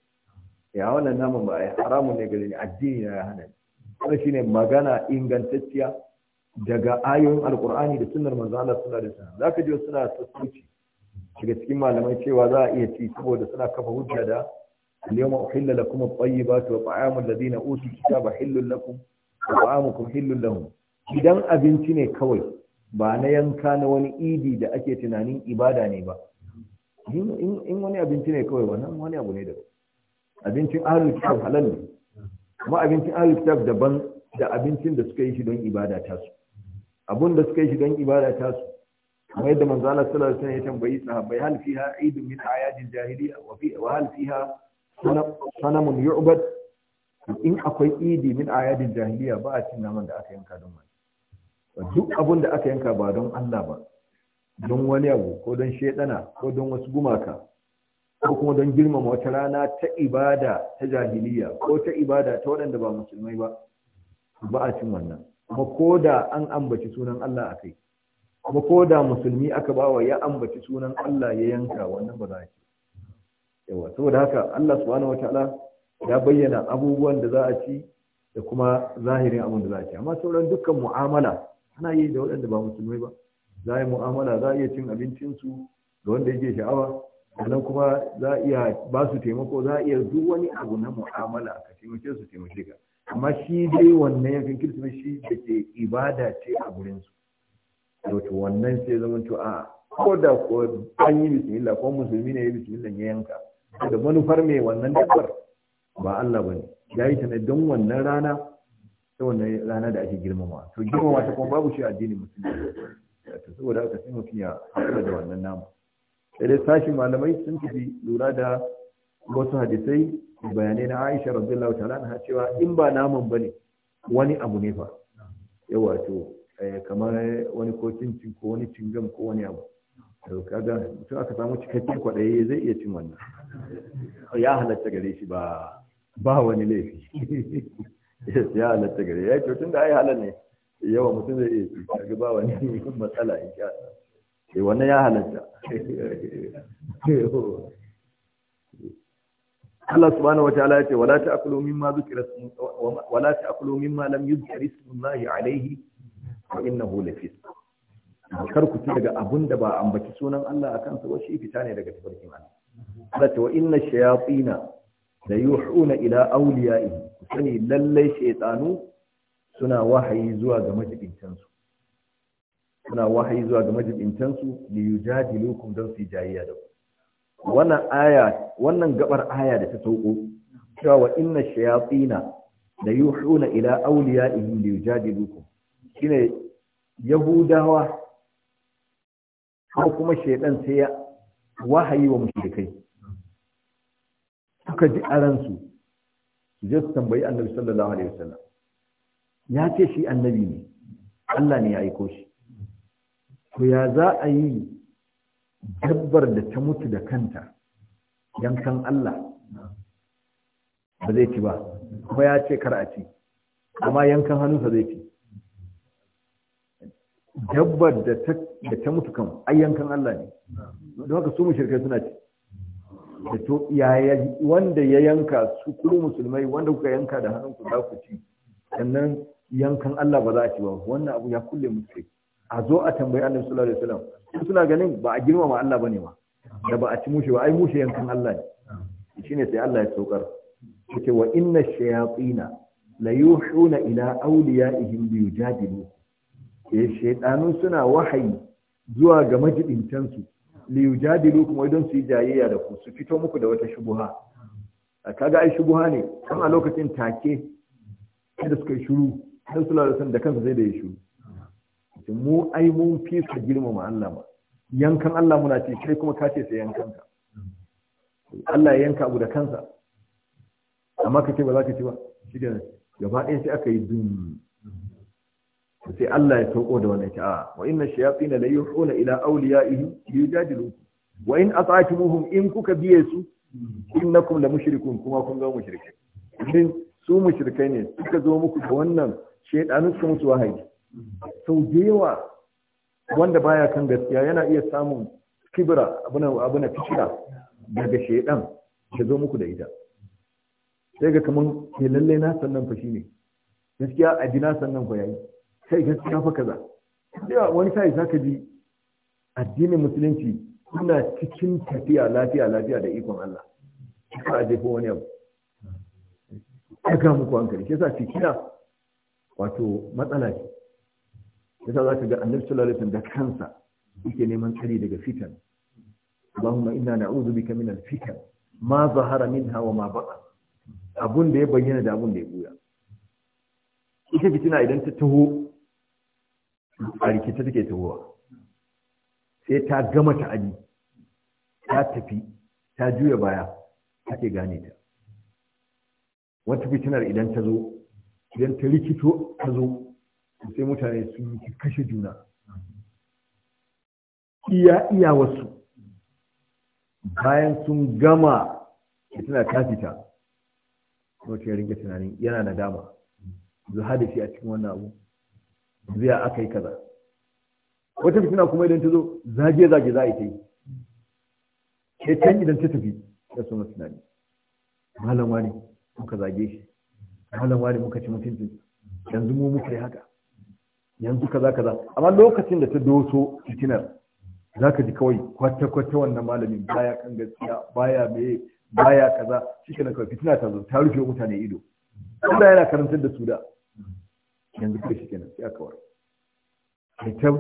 ya wannan naman ba a haramun ne gare addini na ya hana ne shi shine magana ingantacciya daga ayoyin alkur'ani da sunnar manzana suna da sana Za ka ji suna sassauci daga cikin malamai cewa za a iya ci saboda suna kafa hujja da اليوم أحل لكم الطيبات وطعام الذين أوتوا الكتاب حل لكم وطعامكم حل لهم idan أبنتني كوي kawai ينكان وني إيدي na wani idi da ake tunanin ibada ne ba in wani abinci ne kawai wannan wani abu ne daban abincin ahlul kitab halal da abincin da suka yi shi don ibada ta su abun da suka yi shi don ibada ta su kuma yadda manzo Allah sallallahu alaihi wasallam ya tambayi sahabbai hal fiha aidun min ayatin jahiliya wa fi wa hal fiha sanamun yu'bad in akwai idi min ayatin jahiliya ba a cin naman da aka yanka don mai duk abun da aka yanka ba don Allah ba don wani abu ko don shedana ko don wasu gumaka ko kuma don girmama wata rana ta ibada ta jahiliya ko ta ibada ta waɗanda ba musulmai ba ba a cin wannan kuma ko da an ambaci sunan Allah a kai kuma ko da musulmi aka bawa ya ambaci sunan Allah ya yanka wannan ba za a ci yawa saboda haka Allah subhanahu wataala ya bayyana abubuwan da za a ci da kuma zahirin abin da za a ci amma sauran dukkan mu'amala ana yi da waɗanda ba musulmai ba za a yi mu'amala za a iya cin abincinsu ga wanda yake sha'awa sannan kuma za a iya ba su taimako za a iya duk wani abu na mu'amala ka taimake su taimake ka amma shi dai wannan yankin kirsima shi da ke ibada ce a su to wannan sai zama to a ko da ko an yi bismillah ko musulmi ne ya yi bismillah ya yanka da manufar mai wannan dabbar ba Allah ne ya yi ta don wannan rana ta wannan rana da ake girmama to girmama ta kuma babu shi addinin musulmi saboda aka sai mutum ya haɗa da wannan nama. sai dai sashi malamai sun tafi lura da wasu hadisai bayanai na Aisha radiyallahu ta'ala na cewa in ba naman bane wani abu ne fa yawa to eh, kamar wani ko cincin ko wani cingam ko wani abu to kaga to aka samu cikakken kwaɗayi zai iya cin wannan ya halatta gare shi ba ba wani laifi ya halatta gare ya ce tun da ai halal ne yawa mutum zai iya ci kaga ba wani (laughs) matsala in sha eh wannan ya halatta (laughs) Allah subhanahu wataala ya ce wala ta'kulu mimma zukira wala ta'kulu mimma lam yuzkar Allah alayhi wa innahu lafisq kar ku ci daga abun da ba ambaci sunan Allah a kansa ba shi fita ne daga tafarkin Allah Allah ta wa inna shayatina da yuhuna ila awliya'i ku sani lalle shaytanu suna wahayi zuwa ga majibintan su suna wahayi zuwa ga majibintan su li yujadilukum dan fi jayya da ku wannan aya wannan gabar aya da ta sauko cewa wa inna shayatina da yuhuna ila awliyai li yujadilukum shine yahudawa ko kuma shaidan sai ya wahayi wa mushrikai suka ji aransu su je su tambayi annabi sallallahu alaihi wasallam ya ce shi annabi ne Allah ne ya aiko shi to ya za a yi dabbar da ta mutu da kanta yankan Allah ba zai ci ba kuma ya ce kar a ci amma yankan hannunsa zai ci dabbar da ta mutu kan ayyankan Allah ne don haka su mushrikai suna ci yaya wanda ya yanka su kuru musulmai wanda kuka yanka da hannun ku za ku ci sannan yankan Allah ba za a ci ba wannan abu ya kulle musu a zo a tambayi Annabi sallallahu alaihi wasallam suna ganin ba a girmama Allah bane ma da ba a ci mushe ba ai mushe yankan Allah ne shine sai Allah ya saukar yace wa inna shayatina la yuhuna ila awliyaihim liyujadiluhum eh shaidanu suna wahayi zuwa ga majibintansu li kuma don su yi jayayya da ku su fito muku da wata shubuha kaga ai shubuha ne kan a lokacin take da suka yi shiru har su lalata da kansa sai da ya to mu ai mun fi su girmama Allah ma yankan Allah muna ce kai kuma ka ce sai yankan ka Allah ya yanka abu da kansa amma ka ce ba za ka ci ba shi gaba ɗaya sai aka yi dun sai Allah ya sauko da wannan ta'a wa inna shayatin la yuhuna ila awliya'ihi yujadilu wa in ata'tumuhum in kuka biye su innakum la mushrikun kuma kun ga mushrikai din su mushrikai ne suka zo muku da wannan shaydanin su musu wahayi sau da wanda baya kan gaskiya yana iya samun kibra abuna abuna fitira daga shaydan ya zo muku da ita sai ga kaman ke eh, lalle na sannan fa shine gaskiya a na sannan fa yayi ka gaskiya fa kaza da wani sai zaka ji addinin musulunci suna cikin tafiya lafiya lafiya da ikon Allah ba a ko wani abu ga muku hankali sa yasa fitina wato matsala ce za ka ga annabi sallallahu alaihi wasallam da kansa yake neman tsari daga fitan Allahumma inna na'udhu bika min al-fitan ma zahara minha wa ma baqa abun da ya bayyana da abun da ya buya ita fitina idan ta taho a rikice take tawowa sai ta gama ta'adi ta tafi ta juya baya ake gane ta wata fitinar idan ta zo idan ta rikito ta zo sai mutane sun yi kashe juna iya iya wasu bayan sun gama tana ta fita wata ya ringa tunanin yana nadama zuha da shi a cikin wannan abu biya aka yi kaza wata fitina kuma idan ta zo zage zage za a yi ta yi ke can idan ta tafi ta so masu tunani malam wani muka zage shi malam wani muka ci mutuncin yanzu mu muka yi haka yanzu kaza kaza amma lokacin da ta doso fitinar za ka ji kawai kwata-kwata wannan malamin baya kan gaskiya baya mai baya kaza shi kenan kawai fitina ta zo ta rufe mutane ido kuma yana karantar da su da yanzu kai shi kenan sai aka warke ita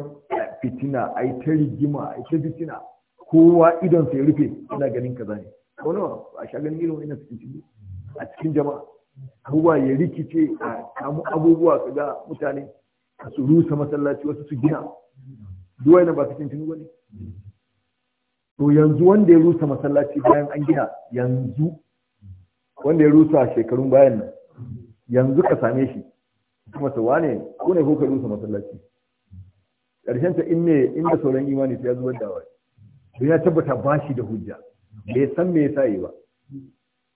fitina ai ta rigima ai ta fitina kowa idon sai rufe ina ganin kaza ne wani a sha ganin irin wani cikin ciki a cikin jama'a Kowa ya rikice a samu abubuwa su ga mutane su rusa masallaci wasu su gina duwa yana ba cikin cini wani to yanzu wanda ya rusa masallaci bayan an gina yanzu wanda ya rusa shekarun bayan nan yanzu ka same shi kuma su wane ko ne kuka rusa masallaci ƙarshen ta in in da sauran imani sai ya zubar da wani To ya tabbata ba shi da hujja bai san me yasa yi ba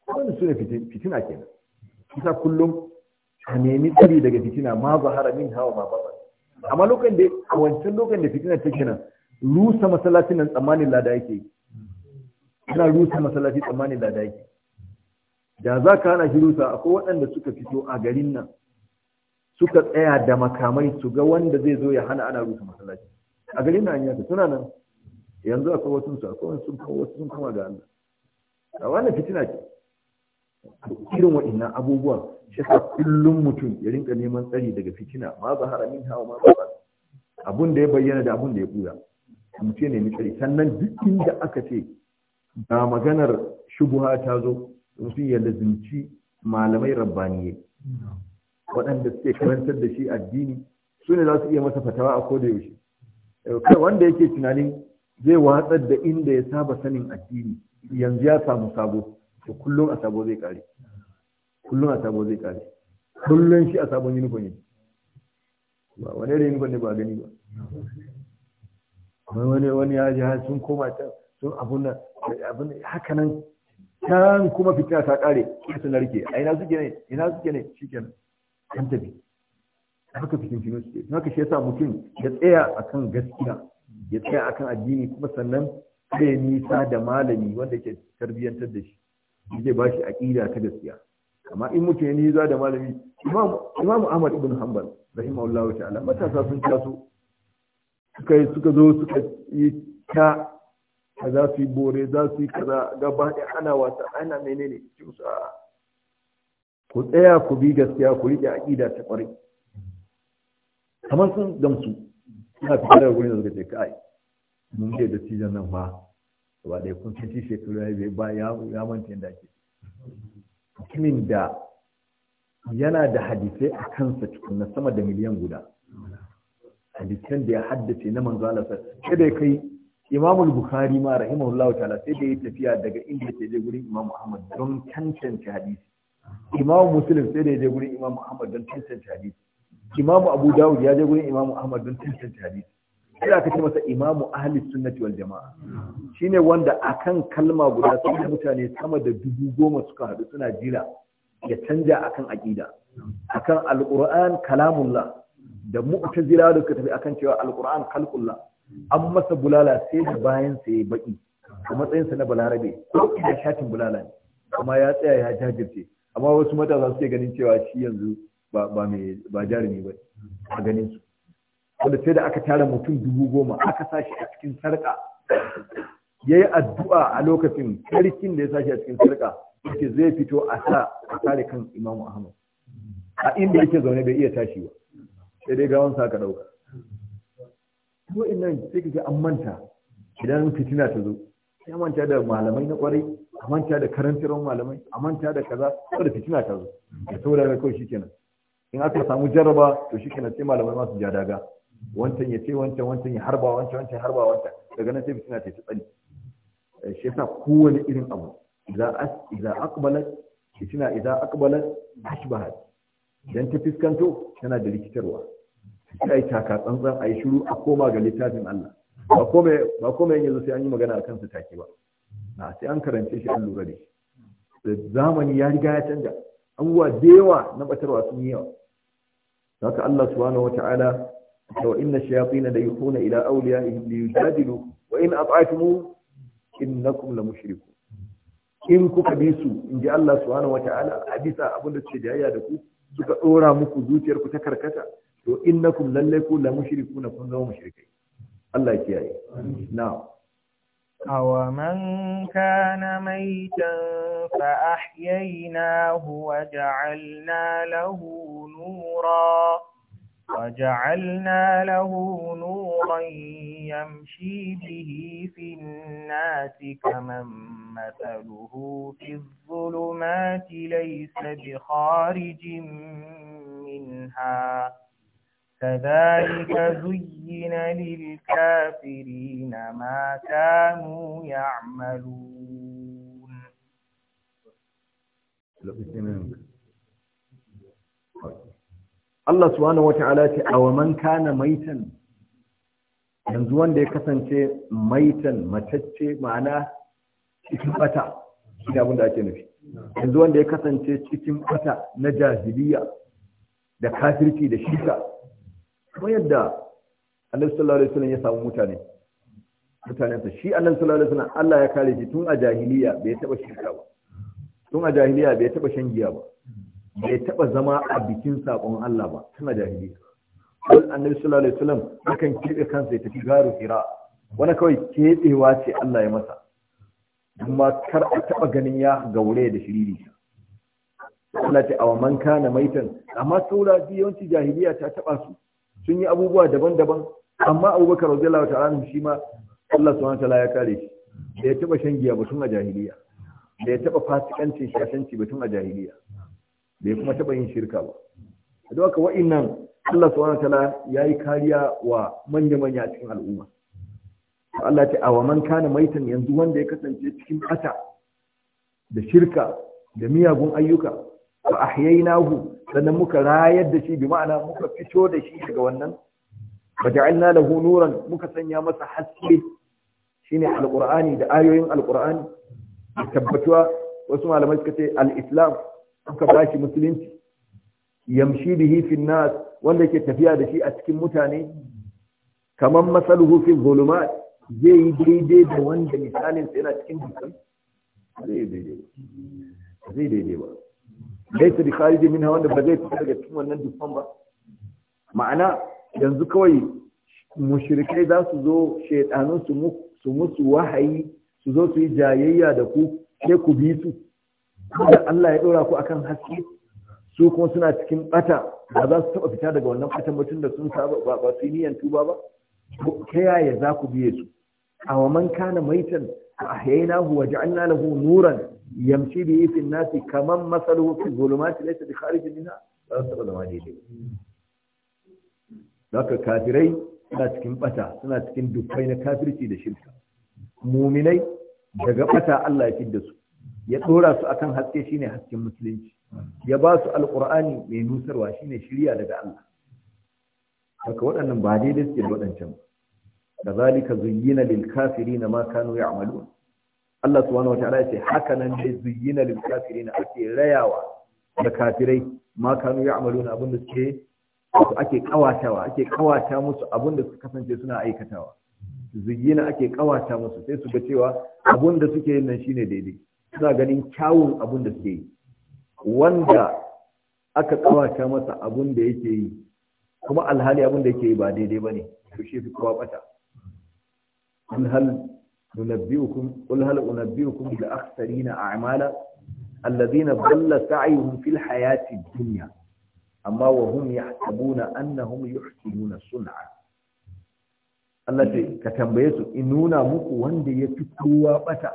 wannan su ne fitina kenan kusa kullum a nemi tsari daga fitina ma ba haramin hawa ma ba amma lokacin da a wancan lokacin da fitina take nan rusa masallacin nan tsammanin lada yake Ina rusa masallaci tsammanin lada yake da za ka hana shi rusa akwai waɗanda suka fito a garin nan suka tsaya da makamai su ga wanda zai zo ya hana ana rusa masallaci a gari na hanyar suna nan yanzu akwai wasu su akwai wasu sun kawo wasu sun kama ga Allah a wannan fitina ce irin waɗannan abubuwan shi sa kullum mutum ya rinka neman tsari daga fitina ma ba haramin hawa ma ba abun da ya bayyana da abun da ya buya mutum ya nemi tsari sannan duk inda aka ce ba maganar shubuha ta zo mutum ya lazimci malamai rabbaniye waɗanda suke karantar da shi addini su ne za su iya masa fatawa a koda yaushe kai wanda yake tunanin zai watsar da inda ya saba sanin addini yanzu ya samu sabo to kullum a sabo zai kare kullum a sabo zai kare kullum shi a sabon yunifon ne ba wani da yunifon ne ba gani ba wani wani ya ji sun koma can sun abun nan abun haka nan can kuma fitina ta kare sai su narke a ina suke ne ina suke ne shikenan an tafi haka cikin fino suke haka shi yasa mutum ya tsaya akan gaskiya ya tsaya akan addini kuma sannan ya nisa da malami wanda ke tarbiyyantar da shi zai ba shi aqida ta gaskiya amma in mutum ya nisa da malami imam ahmad ibn hanbal rahimahullahu ta'ala matasa sun taso suka suka zo suka yi ta za su yi bore za su yi kaza gaba ɗaya ana wasa ana menene cikin su a'a ku tsaya ku bi gaskiya ku riƙe aƙida ta ƙwarai kamar sun gamsu suna fitar da gurin da suka ce kai mun je da cijan nan fa ba ɗaya kun san shekaru ya bai ba ya manta yadda ake mutumin da yana da hadisai a kansa cikin na sama da miliyan guda hadisan da ya haddace na manzo Allah sai da kai Imam Bukhari ma rahimahullahu ta'ala sai da ya tafiya daga inda ke je gurin Imam Ahmad don tantance hadisi imamu muslim sai da ya je gurin imamu ahmad don tantance hadisi imamu abu dawud ya je gurin imamu ahmad don tantance hadisi sai aka ce masa imamu ahli sunnati wal jama'a shine wanda akan kalma guda sun mutane sama da dubu goma suka haɗu suna jira ya canja akan aqida akan alquran kalamullah da mu'tazila da suka tafi akan cewa alquran khalqullah an masa bulala sai da bayan sai baki a matsayin na balarabe ko ina shatin bulala ne kuma ya tsaya ya jajirce amma wasu matasa suke ganin cewa shi yanzu ba mai ba jarumi ba a ganin su wanda sai da aka tara mutum dubu goma aka sa shi a cikin sarka ya yi addu'a a lokacin sarkin da ya sa shi a cikin sarka yake zai fito a sa a kare kan imamu ahmad a inda yake zaune bai iya tashi ba sai dai gawan sa ka dauka ko nan sai kike an manta idan fitina ta zo ya manta da malamai na kwarai a manta da karantarwar malamai a manta da kaza saboda fitina ta zo da saboda kawai shikenan in aka samu jarraba to shikenan sai malamai masu ja daga wancan ya ce wancan wancan ya harba wancan wancan harba wancan daga nan sai fitina ta tsani eh, shi yasa kowane irin abu idan idan aqbalat fitina idan aqbalat ashbahat dan ta fiskanto tana da rikitarwa sai ta ka tsantsan ayi shiru a koma ga littafin Allah ba komai ba komai yanzu sai an yi magana a kansu take ba na sai an karance shi an lura da shi zamani ya riga ya canja abubuwa da yawa na batarwa sun yi yawa haka Allah subhanahu wata'ala wa inna shayatin yi yuhuna ila awliyaihim liyujadilu wa in at'atumu innakum la mushrikun in kuka bi su in ji Allah subhanahu ala, a bisa abin da suke jayayya da ku suka dora muku zuciyarku ta karkata to innakum lalle ku la na kun zama mushrikai الله ya نعم أو أومن كان ميتا فأحييناه وجعلنا له نورا وجعلنا له نورا يمشي به في الناس كمن مثله في الظلمات ليس بخارج منها كذلك زين للكافرين ما كانوا يعملون Allah subhanahu ta'ala ce a wa man kana maitan yanzu wanda ya kasance maitan matacce ma'ana cikin bata shine abin da ake nufi yanzu wanda ya kasance cikin bata na jahiliya da kafirci da shirka kuma yadda annabi sallallahu alaihi wasallam ya samu mutane mutanensa shi annabi sallallahu alaihi wasallam Allah ya kare shi tun a jahiliya bai taba shirka ba tun a jahiliya bai taba shan giya ba bai taba zama a bikin sakon Allah ba tun a jahiliya wani annabi sallallahu alaihi wasallam akan keɓe kansa ya tafi garu hira wani kawai keɓewa ce Allah ya masa amma kar a taba ganin ya gaure da shiriri Allah ce a man kana maitan amma saura yawanci jahiliya ta taba su sun yi abubuwa daban-daban amma abubakar radiyallahu ta'ala shi ma Allah subhanahu ta'ala ya kare shi da ya taba shan giya batun a jahiliya da ya taba fasikanci shashanci batun a jahiliya da ya kuma taba yin shirka ba don haka wa'annan Allah subhanahu ta'ala yayi kariya wa manya-manya a cikin al'umma Allah ta awa man kana maitan yanzu wanda ya kasance cikin kasa, da shirka da miyagun ayyuka fa ahyaynahu sannan muka rayar da shi bi ma'ana muka fito da shi daga wannan faja'alna lahu nuran muka sanya masa haske shine alqur'ani da ayoyin alqur'ani tabbatuwa wasu malamai suka ce al-islam suka bashi musulunci yamshi bihi fi nas wanda yake tafiya da shi a cikin mutane kaman masaluhu fi zulumat zai yi daidai da wanda misalin sa yana cikin dukkan zai daidai ba zai daidai ba laisa bi kharijin minha wanda ba zai fita daga cikin wannan dukkan ba ma'ana yanzu kawai mushrikai za su zo shaidanun su musu wahayi su zo su yi jayayya da ku sai ku bi su da Allah ya dora ku akan haske su kuma suna cikin bata ba za su taba fita daga wannan fatan mutum da sun saba ba ba su niyan tuba ba ta yaya za ku biye su a wa man kana maitan ahyaynahu wa ja'alna lahu nuran yamshi bihi fi kaman masaluhu fi zulumati laysa bi kharijin minha su taba zama daidai zaka kafirai suna cikin bata suna cikin dukkai na kafirci da shirka muminai daga ɓata Allah ya fidda su ya ɗora su akan haske shine hasken musulunci ya ba su alqur'ani mai nusarwa shine shirya daga Allah haka waɗannan ba daidai suke da waɗancan kazalika zuyyina lil kafirina ma kanu ya'malun Allah subhanahu wa ta'ala ya ce haka nan dai zuyyina lil kafirin ake rayawa da kafirai ma kanu ya'maluna abin da suke ake kawatawa ake kawata musu abin da suka kasance suna aikatawa zuyyina ake kawata musu sai su ga cewa abin da suke yin nan shine daidai suna ganin kyawun abin da suke yi wanda aka kawata masa abin da yake yi kuma alhali abin da yake yi ba daidai bane to shi fi kowa bata hal nunabbi'ukum qul hal unabbi'ukum bi akhsarina a'mala alladhina dhalla sa'yuhum fil hayati dunya amma wa hum yahsabuna annahum sun'a Allah ce ka tambaye su in nuna muku wanda ya fi kowa bata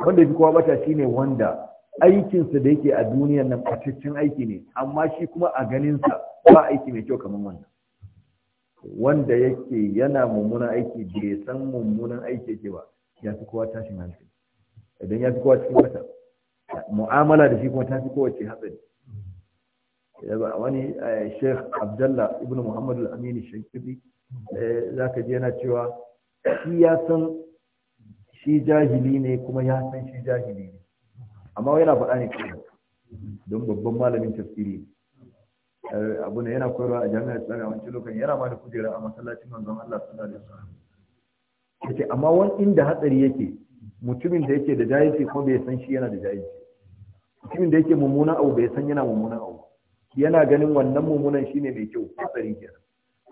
wanda ya fi kowa bata shine wanda aikinsa da yake a duniya nan fataccen aiki ne amma shi kuma a ganinsa ba aiki mai kyau kamar wannan wanda yake yana mummunan aiki bai san mummunan aiki yake ba ya fi kowa tashin hankali idan ya fi kowa cikin wata mu'amala da shi kuma ta fi kowace hatsari wani eh, sheikh abdallah ibn muhammad al-amini shankiri eh, za ka je yana cewa shi ya san shi jahili ne kuma ya san shi jahili ne amma yana faɗa ne don babban malamin tafsiri Eh, abu ne yana koyarwa a jami'ar islamiyya wancan lokacin yana ma da kujera a masallacin manzon Allah sallallahu alaihi wasallam yace amma wani inda hatsari yake mutumin da yake da jahilci ko bai san shi yana da jahilci mutumin da yake mummunan abu bai san yana mummunan abu yana ganin wannan mummunan shine mai kyau hatsari ke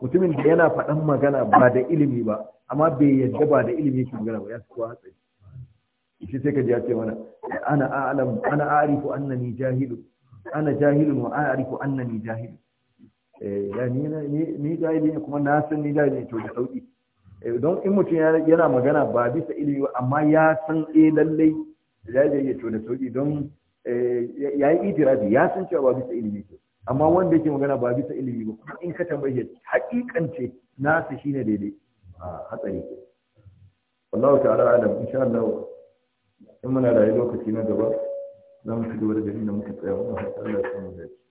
mutumin da yana faɗan magana ba da ilimi ba amma bai yadda ba da ilimi yake magana ba ya kuwa hatsari shi sai ka ji ya ce mana ana a'lam ana a'rifu annani jahilu ana jahilin wa a'rifu annani jahil eh ya ni ni jahili ne kuma na san ni jahili ne to da sauki don in mutum yana magana ba bisa ilimi ba amma ya san eh lallai jahili ya to da sauki don ya yi itirafi ya san cewa ba bisa ilimi ne. amma wanda yake magana ba bisa ilimi ba kuma in ka tambaye ce nasa shine daidai a hatsari wallahu ta'ala alam insha Allah in muna da lokaci na gaba za mu ci gaba da gani da muka tsaya wa Allah ya samu dace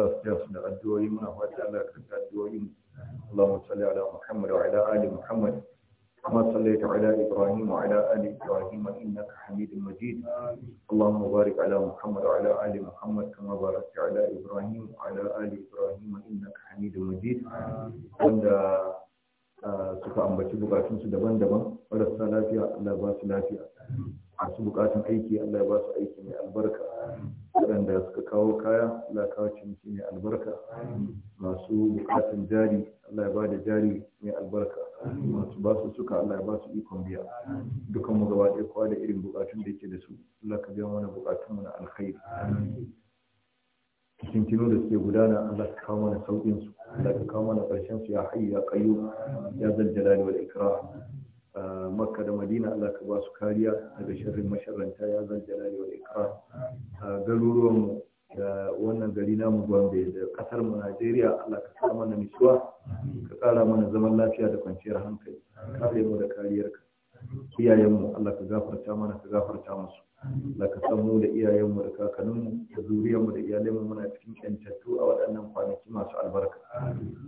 Allah su taya da addu'o'i muna fata Allah ka ta addu'o'i Allahumma salli ala Muhammad wa ala ali Muhammad كما صليت على وعلى حميد مجيد اللهم بارك على محمد وعلى محمد كما باركت على وعلى حميد مجيد suka ambaci bukatunsu daban lafiya Allah ba su lafiya masu bukatun aiki Allah ba su aiki mai albarka waɗanda suka kawo kaya Allah kawo cinci mai albarka masu bukatun jari Allah ya ba da jari mai albarka masu ba su suka Allah ya ba su ikon biya dukan mu gaba ɗaya kowa da irin bukatun da yake da su Allah ka biya mana bukatun mu na alkhairi cikin da suke gudana Allah ka kawo mana saukin su Allah ka kawo mana ƙarshen su ya hayyu ya qayyum ya zal jalali wal ikram makka da madina allah ka ba su kariya daga sharrin masharanta ya zan jalali wa ikram garuruwanmu da wannan gari namu gombe da kasar mu najeriya allah ka kara mana nutsuwa ka kara mana zaman lafiya da kwanciyar hankali kare mu da kariyarka iyayenmu allah ka gafarta mana ka gafarta musu Allah samu da iyayenmu da kakanninmu da zuriyarmu da iyalanmu muna cikin kyantattu a waɗannan kwanaki masu albarka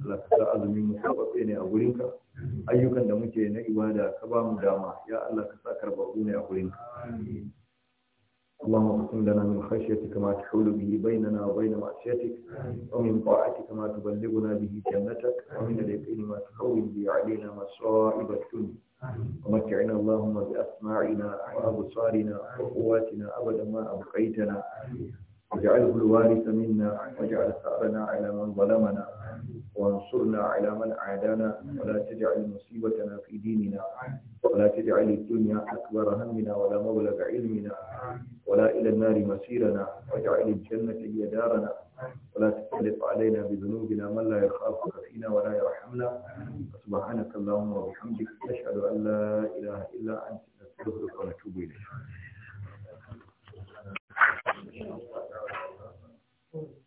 Allah ka sa azumin mu karɓaɓɓe ne a gurinka ayyukan da muke na ibada ka ba mu dama ya Allah ka sa karbabu ne a gurinka اللهم اقسم لنا من خشيتك ما تحول به بيننا وبين معصيتك ومن طاعتك ما تبلغنا به جنتك ومن اليقين ما تهون به علينا مصائب الدنيا ومتعنا اللهم بأسماعنا وأبصارنا وقواتنا أبدا ما أبقيتنا واجعله الوارث منا واجعل ثأرنا على من ظلمنا وانصرنا على من عادانا ولا تجعل مصيبتنا في ديننا ولا تجعل الدنيا أكبر همنا ولا مبلغ علمنا ولا إلى النار مسيرنا واجعل الجنة هي دارنا ولا تكلف علينا بذنوبنا من لا يخافك فينا ولا يرحمنا سبحانك اللهم وبحمدك نشهد أن لا إله إلا أنت نستغفرك ونتوب إليك Thank you.